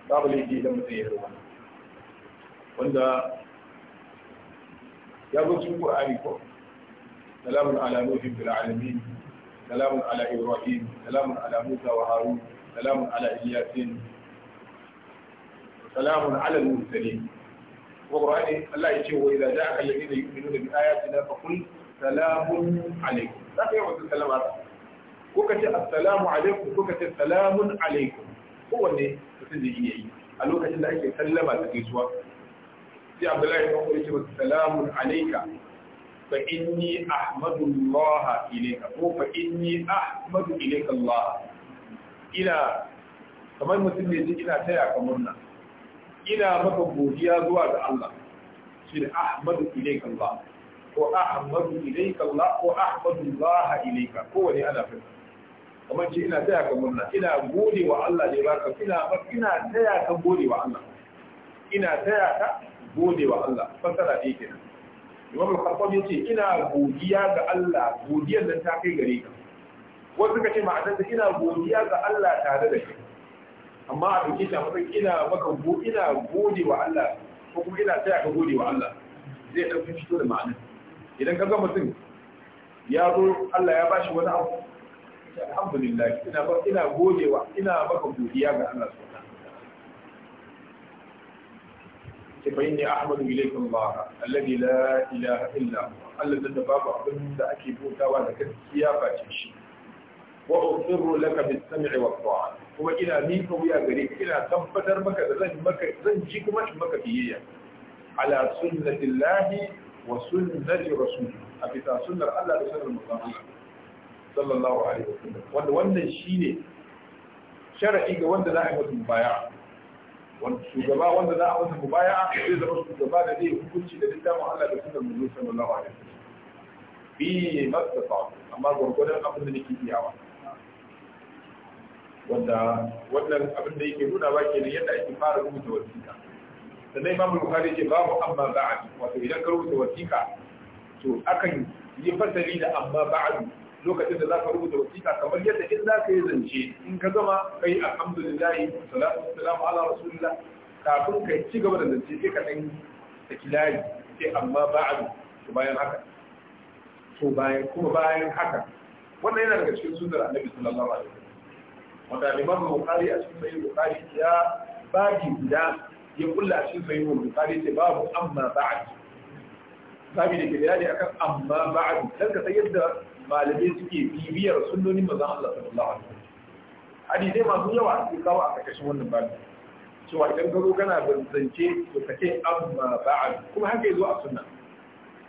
babu laifi idan mutum ya ruwa wanda ya zo cikin Qur'ani ko salamun ala nuhin bil alamin salamun ala ibrahim salamun ala musa wa harun سلام على إلياسين سلام على المرسلين وقرآن الله يجيب وإذا جاءك الذين يؤمنون بآياتنا فقل سلام عليكم لا يوم السلام عليكم kuka ce assalamu alaikum kuka ce salamun alaikum kowanne mutum da iya yi a lokacin da ake sallama da gaisuwa sai abdullahi ya kuma ce salamun alaika fa inni ilaika ko inni ahmadu ilaika ina kamar mutum ne ji ina taya kamar nan, ina maka godiya zuwa ga Allah shi ne ahmadu ilaika Allah ko ahmadu ilaika Allah ko ahmadu Allah ilaika ko wani ana fita. kamar ce ina taya kamar nan, ina gode wa Allah ne baka ina ina taya ka gode wa Allah ina taya ka gode wa Allah fasara dai kenan Imam Al-Khattab yace ina godiya ga Allah godiyar nan ta kai gare ka wasu suka ce ma'anarsa ina godiya ga Allah tare da shi amma a ɗauke ta, a matsayin ina maka ina gode wa Allah ko kuma ina taya ka gode wa Allah zai ɗauki fito da ma'anar idan ka gama mutum ya zo Allah ya bashi wani abu alhamdulillah ina ba ina gode wa ina maka godiya ga Allah subhanahu wa ta'ala fa inni ahmadu ilayka Allah alladhi la ilaha illa Allah da babu abin da ake bautawa da gaskiya ba ce shi وأصر sami بالسمع والطاعة kuma ina ni ka wuya gare ka ina tabbatar maka da zan maka zan ji kuma in maka biyayya ala sunnatillahi wa sunnati rasul a bisa sunnar Allah da sunnar manzon sallallahu alaihi wasallam wanda wannan shine shar'i ga wanda za a yi masa mubaya'a wanda shugaba wanda za a masa mubaya'a zai zama shugaba da zai hukunci da littafin Allah da sunnar manzon sallallahu alaihi wasallam bi mastata amma gurgurdan abin da nake iyawa wanda wannan abin da yake nuna ba kenan yadda ake fara rubuta wasiƙa sannan imamu bukhari ce babu amma ba'd wato idan ka rubuta wasiƙa to akan yi fasali da amma ba'd lokacin da za ka rubuta wasiƙa kamar yadda in za ka yi zance in ka gama kai alhamdulillahi salatu wassalamu ala rasulillah kafin ka ci gaba da zance sai ka dan saki layi sai amma ba'du to bayan haka to bayan kuma bayan haka wannan yana daga cikin sunnar annabi sallallahu alaihi wasallam wanda liman bukari a cikin sayi bukari ya babi guda ya kulla a cikin sayi bukari ce babu amma ba'ad Babu da ke bayani akan amma ba'ad dan ka san yadda malamai suke bibiyar sunnonin manzon Allah sallallahu alaihi wasallam hadisi masu yawa su kawo a karkashin wannan babi cewa idan ka zo kana zance to ka ce amma ba'ad kuma haka ya zo a sunna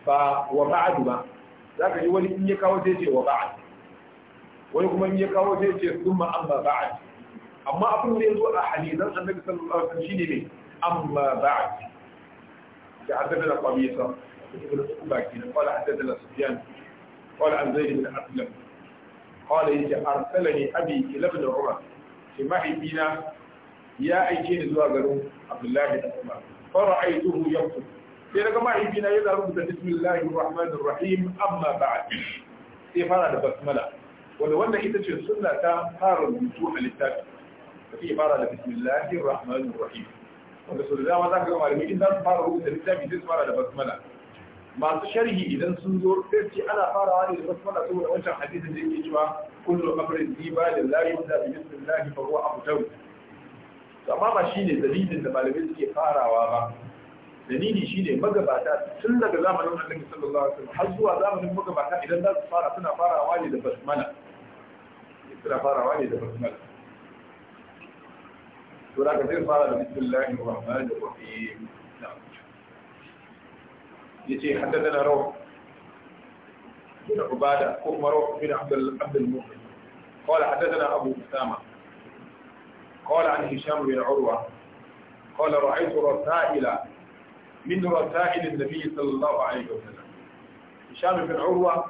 ba wa ba'ad ba Za ka ji wani in ya kawo sai ce wa ba'ad wani kuma in ya kawo sai ce sun amma Ba'a. amma abin da ya zo a hadisan annabi sallallahu alaihi wasallam shine ne amma ba'ad da kwamisa, haddathana qamisa ibn uba kenan qala haddathana sufyan qala an zaid bin aslam qala yace arsalani abi ila ibn umar shi mahaifina ya aike ni zuwa garin abdullahi da umar fara aituhu yanku sai daga mahaifina yana rubuta bismillahir rahmanir rahim amma ba'ad sai fara da basmala wanda wanda ita ce suna ta fara rubutu a littafi fi fara da bismillahir rahmanir rahim wanda sau da dama za ka ga malami in za su fara rubuta littafi sai su fara da basmala masu sharhi idan sun zo sai ce ana farawa ne da basmala saboda wancan hadisin da yake cewa kullu amrin da lillahi wa bi bismillahi fa huwa abtahu amma ba shine dalilin da malamai suke farawa ba dalili shine magabata tun daga zamanin annabi sallallahu alaihi wasallam har zuwa zamanin magabata idan za su fara suna farawa ne da basmala بسم الله الرحمن الرحيم نعم. حدثنا روح بن عبادة كم روح بن عبد المؤمن قال حدثنا أبو أسامة قال عن هشام بن عروة قال رأيت رسائل من رسائل النبي صلى الله عليه وسلم هشام بن عروة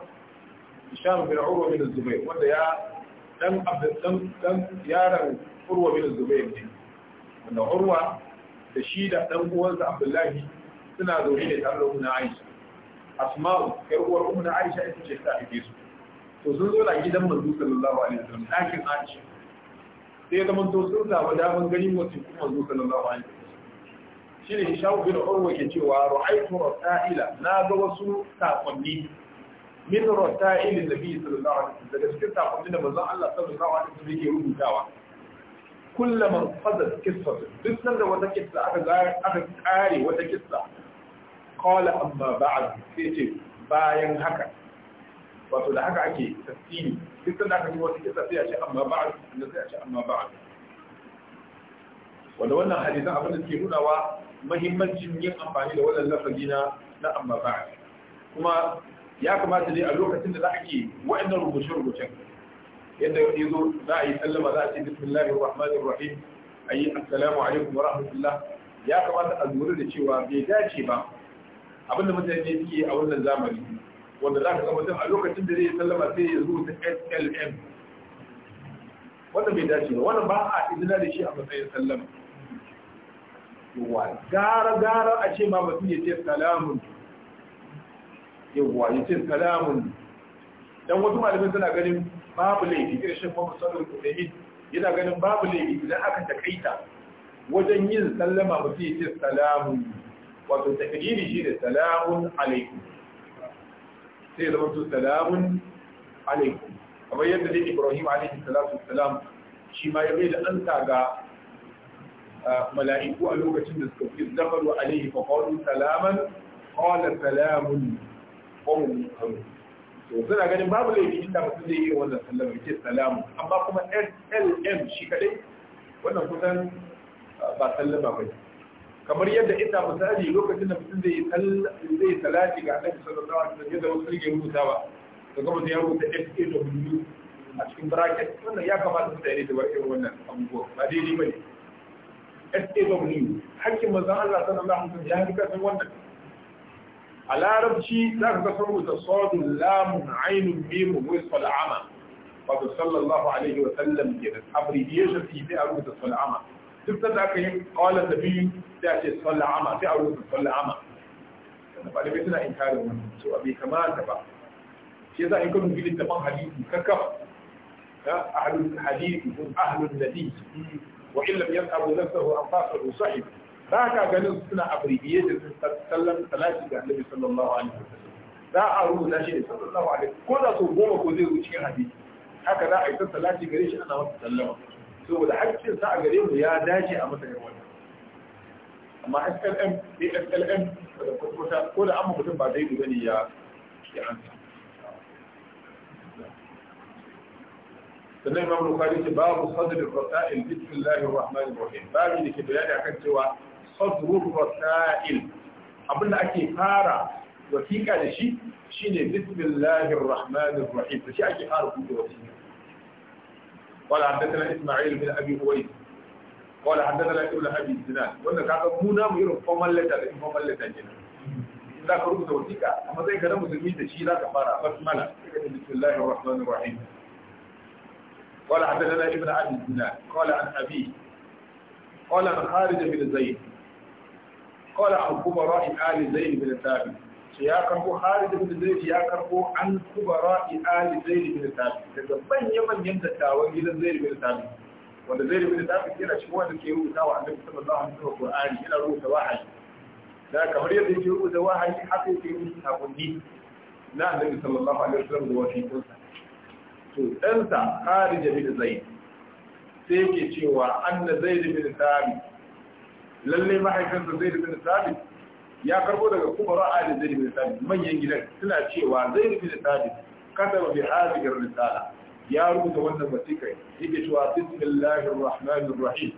هشام بن عروة من الزبير وده يا dan abdullam dan yaron urwa bin zubair ne wanda urwa da shi da dan uwansa abdullahi suna zaune ne tare da umma aisha asma'u yar uwar umma aisha ita ce ta haife su to sun zo da gidan manzo sallallahu alaihi wasallam dakin aisha sai zaman to sun samu daman ganin wasu kuma manzo sallallahu alaihi wasallam shine hisham bin urwa ke cewa ru'aytu rasaila na ga wasu sakonni min rasailin nabi sallallahu alaihi wasallam daga cikin sakonni da manzon Allah sallallahu alaihi wasallam yake rubutawa kullaman fadar kissa duk sanda wata kissa aka kare wata kissa qala amma ba'd sai ce bayan haka wato da haka ake tafsiri duk sanda aka yi wata kissa sai a ce amma ba'd da sai a ce amma ba'd wanda wannan hadisan abin da suke nunawa muhimmancin yin amfani da wannan lafazi na na amma ba'd kuma ya kamata ne a lokacin da za a ke wa'annan rubuce-rubucen yadda ya zo za a yi sallama za a ce bismillahir rahmanir rahim a yi assalamu alaikum wa rahmatullah ya kamata a lura da cewa bai dace ba Abin da mutane suke a wannan zamani wanda za ka mutum a lokacin da zai yi sallama sai ya zo rubuta slm wannan bai dace ba wannan ba a izina da shi a matsayin sallama gara gara a ce ma mutum ya ce salamun yawwa ya ce salamun dan wasu malamin suna ganin babu laifi irin shan mamu sallar kudayi yana ganin babu laifi idan aka takaita wajen yin sallama mutum ya ce salamun wato takadiri shi da salamun alaikum sai zama to salamun alaikum kamar yadda dai ibrahim alaihi salatu salam shi ma ya bai da an ga mala'iku a lokacin da suka fi zafar wa alaihi fa qalu salaman qala salamun ƙaunin ƙaunin to suna ganin babu laifi inda mutum zai yi wannan sallama ke salamu amma kuma llm shi kadai wannan kusan ah, ba sallama ba kamar yadda ita misali lokacin da mutum zai yi salati ga annabi sallallahu alaihi wasallam yadda wasu rige rubutawa da kuma ya rubuta faw a cikin bracket wannan ya kamata mutane da barkin wannan abubuwa ba daidai ba ne faw hakkin manzon Allah sallallahu alaihi wasallam ya fi karfin wannan a larabci za ka kasar rubuta sodun lamun ainihin mimu wasu al'ama wato sallallahu alaihi wa sallam ke da abbreviation ɗin sai a rubuta sal'ama duk da aka yi kawalar da biyu sai a ce sal'ama sai a rubuta sal'ama ba ɗalibai suna in kare wani so a bai kamata ba shi yasa in ka dubi littafin hadisi kakaf ahlul hadisi ahlul nabi wa illam yas'abu nafsahu an fasahu sahibi za ka ganin suna abribiye da sallan salati ga annabi sallallahu alaihi wasallam za a rubuta shi da sallallahu alaihi ko da so goma ko zai wuce cikin hadisi haka za a yi salati gare shi ana masa sallama saboda hakkin sa a gare mu ya dace a masa yawa amma SLM ASLM da kwata ko da amma mutum ba daidai bane ya ya ansa sannan imam bukhari ce babu sadr rasail bismillahir rahmanir rahim babu da ke bayani akan cewa fadrur rasail abinda ake fara wasiƙa da shi shine bismillahir rahmanir rahim shi ake fara buɗe wasiƙa قال حدثنا اسماعيل بن ابي اويس قال حدثنا ابن ابي سنان وانا كاكا مو نام يرو فورمال لتا ده فورمال لتا كده za ka rubuta wasiƙa amma ka gada musulmi da shi za ka fara basmala bismillahir rahmanir rahim قال حدثنا ابن ابي الزناد قال عن ابي قال عن خارج بن زيد قال عن كبراء آل زيد بن ثابت ya karbo Khalid ibn Zaid ya karbo an kubara ali Zaid ibn Thabit daga manyan manyan dattawan gidan Zaid ibn Thabit wanda Zaid ibn Thabit yana cikin wanda ke rubuta wa Annabi sallallahu alaihi wasallam Qur'ani yana rubuta wahayi da kamar yadda yake rubuta wahayi haka yake rubuta kunni na Annabi sallallahu alaihi wasallam da wasiƙunsa to ɗansa Khalid ibn Zaid sai yake cewa anna Zaid ibn Thabit lalle mahaifinsa zai bin sabit ya karbo daga kubara ali zai bin sabit manyan gidan suna cewa zai bin sabit kasaba bi hadhihi risala ya rubuta wannan wasiƙa yake cewa bismillahir rahmanir rahim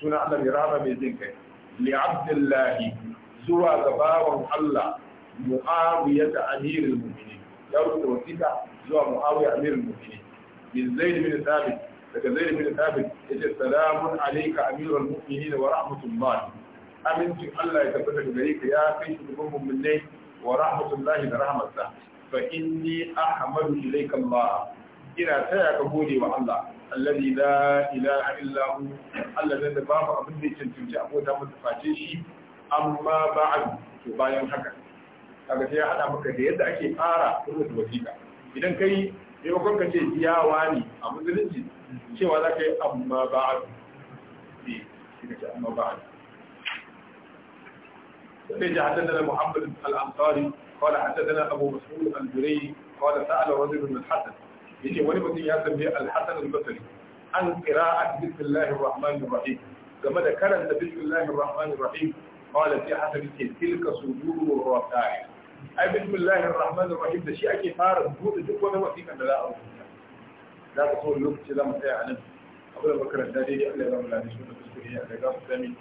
suna Allah mai rama mai jin kai li abdullahi zuwa ga bawan Allah muawiya ta amirul mu'minin ya rubuta wasiƙa zuwa muawiya amirul mu'minin bin zaid bin sabit daga zai bin ya ce salamun da amirul mu'minin wa rahmatullah Amincin Allah ya tabbata da gare ka ya kai shugaban mu'minai wa rahmatullahi da rahmatsa fa inni ahmadu ilayka Allah ina taya ka gode wa Allah alladhi la ilaha illa hu Allah da babu abin da yake tunce abota masa face shi amma ba'd to bayan haka kaga sai ya hada maka da yadda ake fara rubuta wasiƙa idan kai maimakon kace ce ne a musulunci cewa za ka yi amma ba'ad ne shi ka ce amma ba'ad sai ji haddana muhammad al-ansari قال حدثنا أبو مسعود الجري قال سأل رجل من الحسن يجي ولي مسيح ياسم به الحسن البصري عن قراءة بسم الله الرحمن الرحيم كما ذكرت بسم الله الرحمن الرحيم قال في حسن تلك سجود الرافعين أي بسم الله الرحمن الرحيم ده شيء أكيد فارغ جود جود وثيقا لا أرسل za ka so lokaci za mu tsaya a nan abin da makaranta daidai Allah ya zama lafiya shi da kuskure ya daga su sami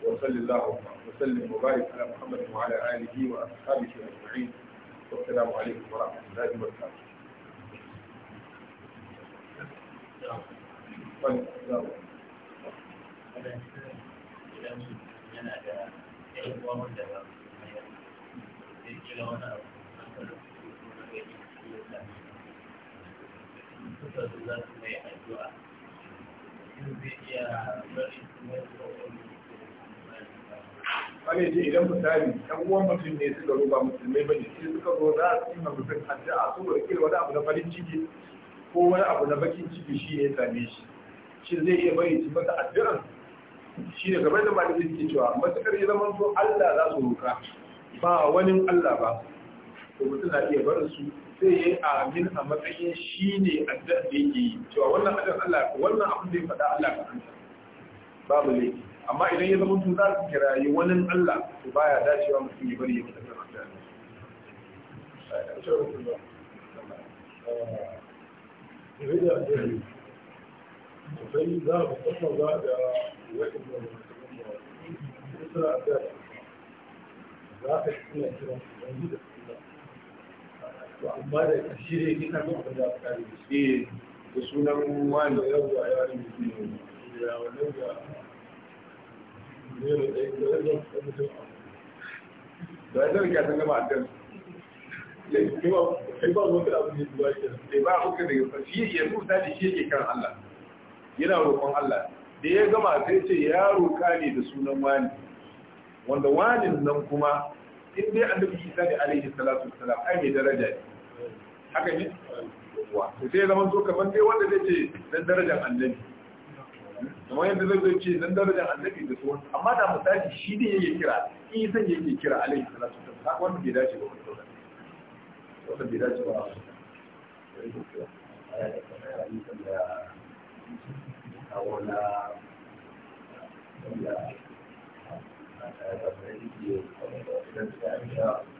وصلى الله وسلم وبارك على محمد وعلى اله واصحابه اجمعين والسلام عليكم ورحمه الله وبركاته. yana da ɗan uwa wanda ba mai yana da suka za su mai addu'a mutum ce idan misali ɗan uwan mutum ne suka zo ba musulmai ba ne sai suka zo za su yi ma mutum addu'a saboda kira wani abu na farin ciki ko wani abu na bakin ciki shi ne ya same shi shi zai iya bari su masa addu'a shi ne kamar da malamin suke cewa matukar ya zama to Allah za su roka ba wani Allah ba to mutum na iya barin su sai yi amin a matsayin shi ne addu'a da yi cewa wannan Allah wannan abin da ya faɗa Allah ka amsa babu amma idan ya zama tun za su kirayi wani Allah ba ya dacewa mutum ya bari ya fita kan addu'a sai za a musamman da wajen da musamman za da ka shi kiran yi da su amma da shi da eh, yi da sunan wani da yi. da yau ne da wannan da ne da da da da ya da ba a ba wanda abu da da ya rubuta da shi yake kan Allah yana roƙon Allah da ya gama sai ce ya roƙa ne da sunan wani wanda wani nan kuma in dai annabi Isa ne alaihi salatu wassalam ai mai daraja ne haka ne wa sai zaman to kamar dai wanda zai ce dan darajar annabi kamar yadda zai zai ce dan darajar annabi da sauran amma da misali shi ne yake kira san yake kira alaihi salatu wasallam haka wanda bai dace ba wanda bai dace ba Thank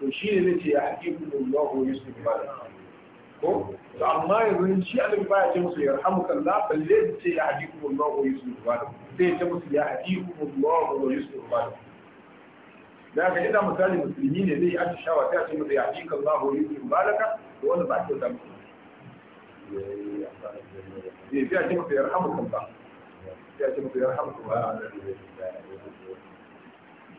to shi ne zai ce ya haƙiƙu da Allah ko Yusuf ba ko to amma yanzu shi Allah ba ya ce musu yarhamuka Allah balle zai ce ya da Allah ko Yusuf ba zai ce musu ya haƙiƙu da Allah ko Yusuf ba da haka idan misali musulmi ne zai yi atishawa sai ce masa ya haƙiƙa Allah ko Yusuf ba da wanda ba ta damu ya ce masa yarhamuka Allah ya ce ya yarhamuka Allah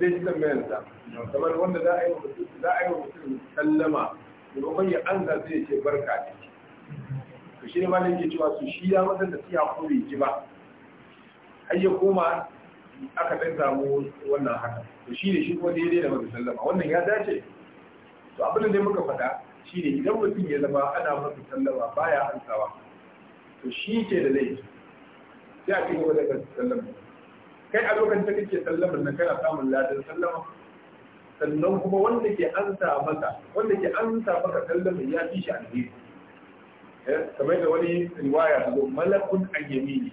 in dai san mayan sa kamar wanda za a yi mutum za a yi mutum sallama maimakon ya an zasu ya ce barka ne to shi ne ma nake cewa su shi ya masa da siya ko bai ji ba har ya koma aka dan samu wannan haka to shi ne shi kuma daidai da mutum sallama wannan ya dace to abin da muka faɗa shi ne idan mutum ya zama ana masa sallama baya ansawa to shi ke da laifi sai a cikin wajen sallama kai a lokacin da kake sallamar nan kana samun ladan sallama sannan kuma wanda ke ansa masa wanda ke ansa maka sallama ya fi shi alheri eh, kamar da wani riwaya ta zo malakun ayyamini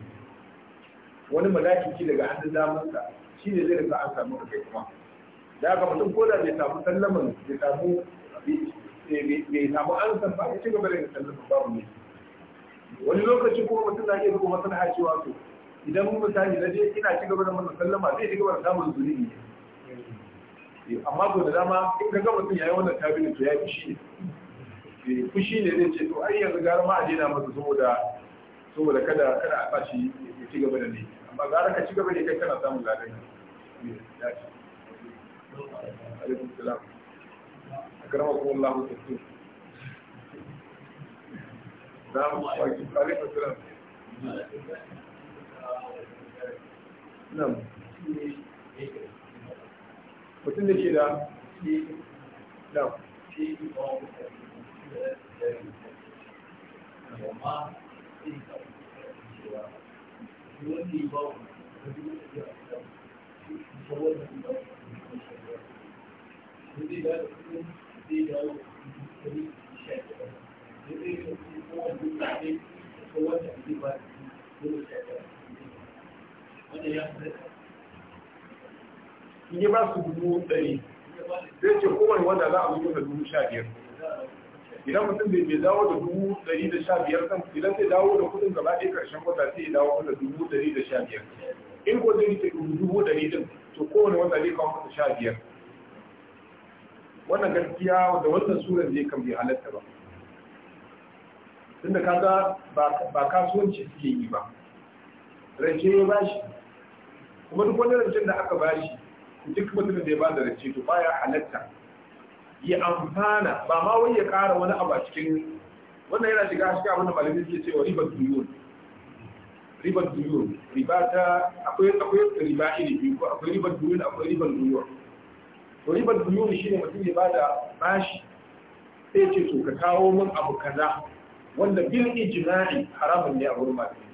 wani malakiki daga hannun damansa shi ne zai rika ansa maka kai kuma da haka mutum ko da bai samu sallaman bai samu bai samu ansa ba ya ci gaba da sallama babu ne wani lokaci kuma mutum na iya zuwa maslaha cewa to idan mun misali na je ina ci gaba da mun sallama zai ci gaba da samun ne amma ko da dama in ka ga mutum yayin wannan tabiri to ya fushi ne eh, fushi ne zai ce to ai yanzu gara ma a daina masa saboda saboda kada kada a fashi ya ci gaba da ne amma gara ka ci gaba ne kai kana samun ladan ne alaikum salam akramakum allah da mu alaikum salam mutum da ke da da Thank you. dubu ɗari sai ce kowane wata za a fito da dubu sha biyar idan mutum bai bai dawo da dubu dari da sha biyar kan idan zai dawo da kudin gaba ɗaya ƙarshen wata sai ya dawo da dubu dari da sha biyar in ko zai rike dubu dari din to kowane wata zai kawo masa sha biyar wannan gaskiya da wannan suran zai kan bai halatta ba tunda kaga ba kasuwanci suke yi ba rance ya bashi kuma duk wani rancen da aka bashi duk mutumin da ya bada rance to baya halatta ya amfana ba ma wai ya ƙara wani abu a cikin wannan yana shiga shiga abin da malami ke cewa ribar duniyon ribar duniyon riba ta akwai akwai riba ne biyu ko akwai ribar duniyon akwai ribar duniyon to ribar duniyon shine mutum ya bada bashi sai ce to ka kawo min abu kaza wanda bil ijma'i haramun ne a wurin malami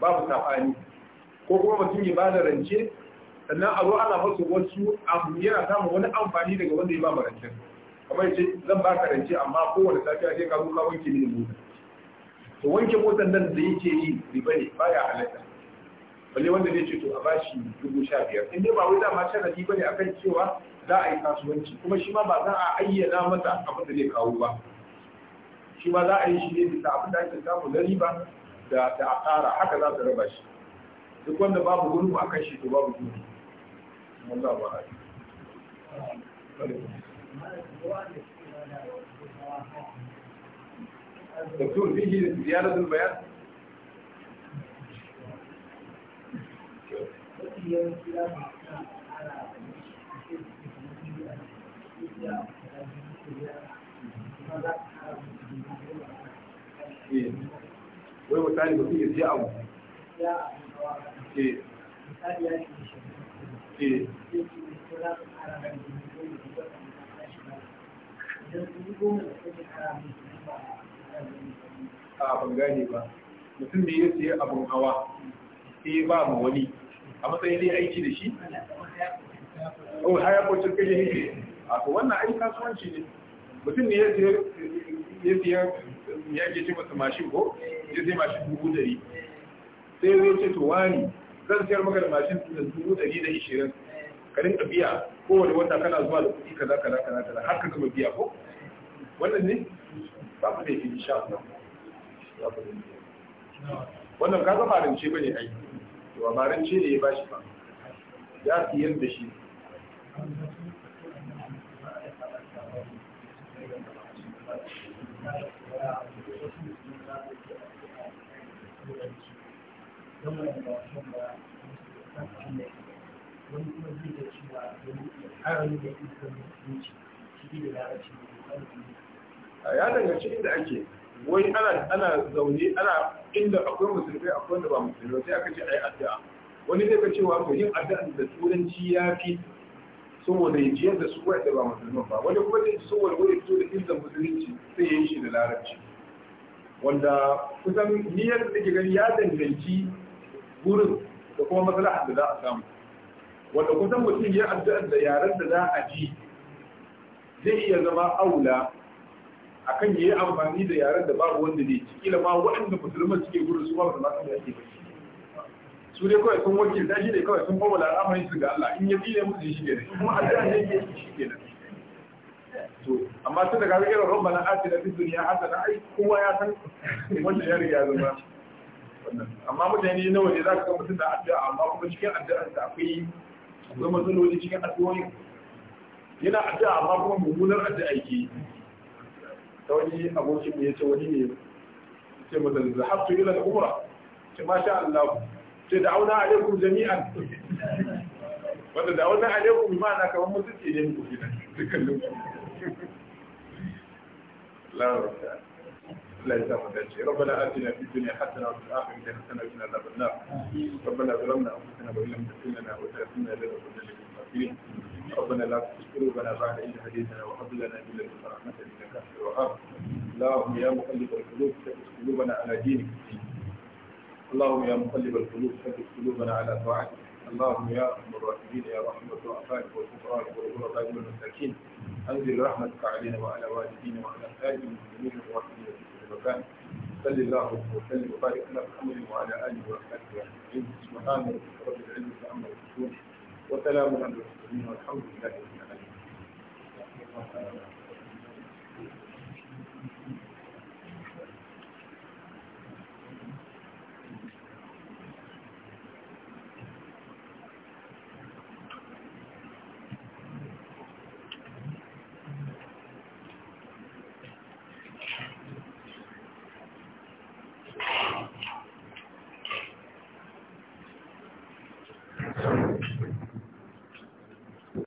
babu tafani ko kuma mutum ya bada rance sannan a zo ana masu wasu abu yana samun wani amfani daga wanda ya ba mu rancen kamar yace zan baka rance amma kowane safiya sai ka zo ka wanke mini mota to wanke motan nan da yake yi riba ne baya halatta balle wanda zai ce to a bashi dubu sha biyar in dai ba wai dama sharadi bane akan cewa za a yi kasuwanci kuma shi ma ba za a ayyana masa abin da zai kawo ba shi ma za a yi shi ne bisa abin da ake samu na riba da asara haka za su raba shi duk wanda babu gurbu kan shi to babu gurbi دكتور فيه زيادة البيان ايه وهو ثاني وفيه زيادة ايه a ban gane ba mutum ne ya siya abin hawa sai ba mu wani a matsayin dai aiki da shi o oh, haya ko cikin kashe ne a to wannan ai kasuwanci ne mutum ne ya siya ya siya ya ke ce masa mashin ko ya sai mashin dubu dari sai ya ce to wani zan sayar maka da mashin da dubu ɗari da ishirin ka rinka biya kowane wata kana zuwa da kuɗi kaza kaza kaza kaza har ka gama biya ko wannan ne ba ku da yake insha Allah wannan ka ga rance ba ne ai to ba rance ne ya bashi ba ya fi da shi Thank you. ya danganci inda ake wai ana ana zaune ana inda akwai musulmai akwai wanda ba musulmai sai aka ce ai addu'a wani zai ka cewa to yin addu'a da turanci ya fi saboda ya jiyar da su wanda ba musulman ba wani kuma zai saboda wani fito da inda musulunci sai ya yi shi da larabci wanda kusan niyyar da ke gani ya danganci gurin da kuma maslahar da za a samu wanda kusan mutum ya addu'ar da yaren da za a ji zai iya zama aula akan yi amfani da yaren da babu wanda ne kila ma waɗanda musulman suke gurin su ba su ma san ake ba su dai kawai sun wakil da shi ne kawai sun fawala al'amarin su ga Allah in ya tsine musu shi ne kuma addu'ar ne ke shi ke nan to amma tun da ga irin rabbana atina fid dunya hasana ai kowa ya san wanda ya riga zama amma mutane na waje za ka mutum da addu'a amma kuma cikin addu'ar da akwai akwai matsaloli cikin addu'o'in yana addu'a amma kuma mummunar addu'a yake ta wani abokin da ya ce wani ne ce masa da haftu ila da umra ce ma sha Allah ce da auna alaikum jami'an wanda da auna alaikum ma na kamar mutunci ne ku dukkan lokaci لا يسامح ذلك ربنا آتنا في الدنيا حسنة وفي الآخرة حسنة وفينا عذاب النار ربنا ظلمنا أنفسنا وإن لم تغفر لنا وترحمنا لنا من الخاسرين ربنا لا تزغ قلوبنا بعد إذ هديتنا وهب لنا من لدنك رحمة إنك أنت الوهاب اللهم يا مقلب القلوب ثبت قلوبنا على دينك اللهم يا مقلب القلوب ثبت قلوبنا على طاعتك اللهم يا ارحم الراحمين يا رحمة ضعفائك والفقراء والغرباء والمساكين انزل رحمتك علينا وعلى والدينا وعلى سائر المسلمين الراحمين المكان صلى الله وسلم وبارك على محمد وعلى اله وصحبه اجمعين سبحان ربك رب العزه عما يصفون وسلام على المرسلين والحمد لله رب العالمين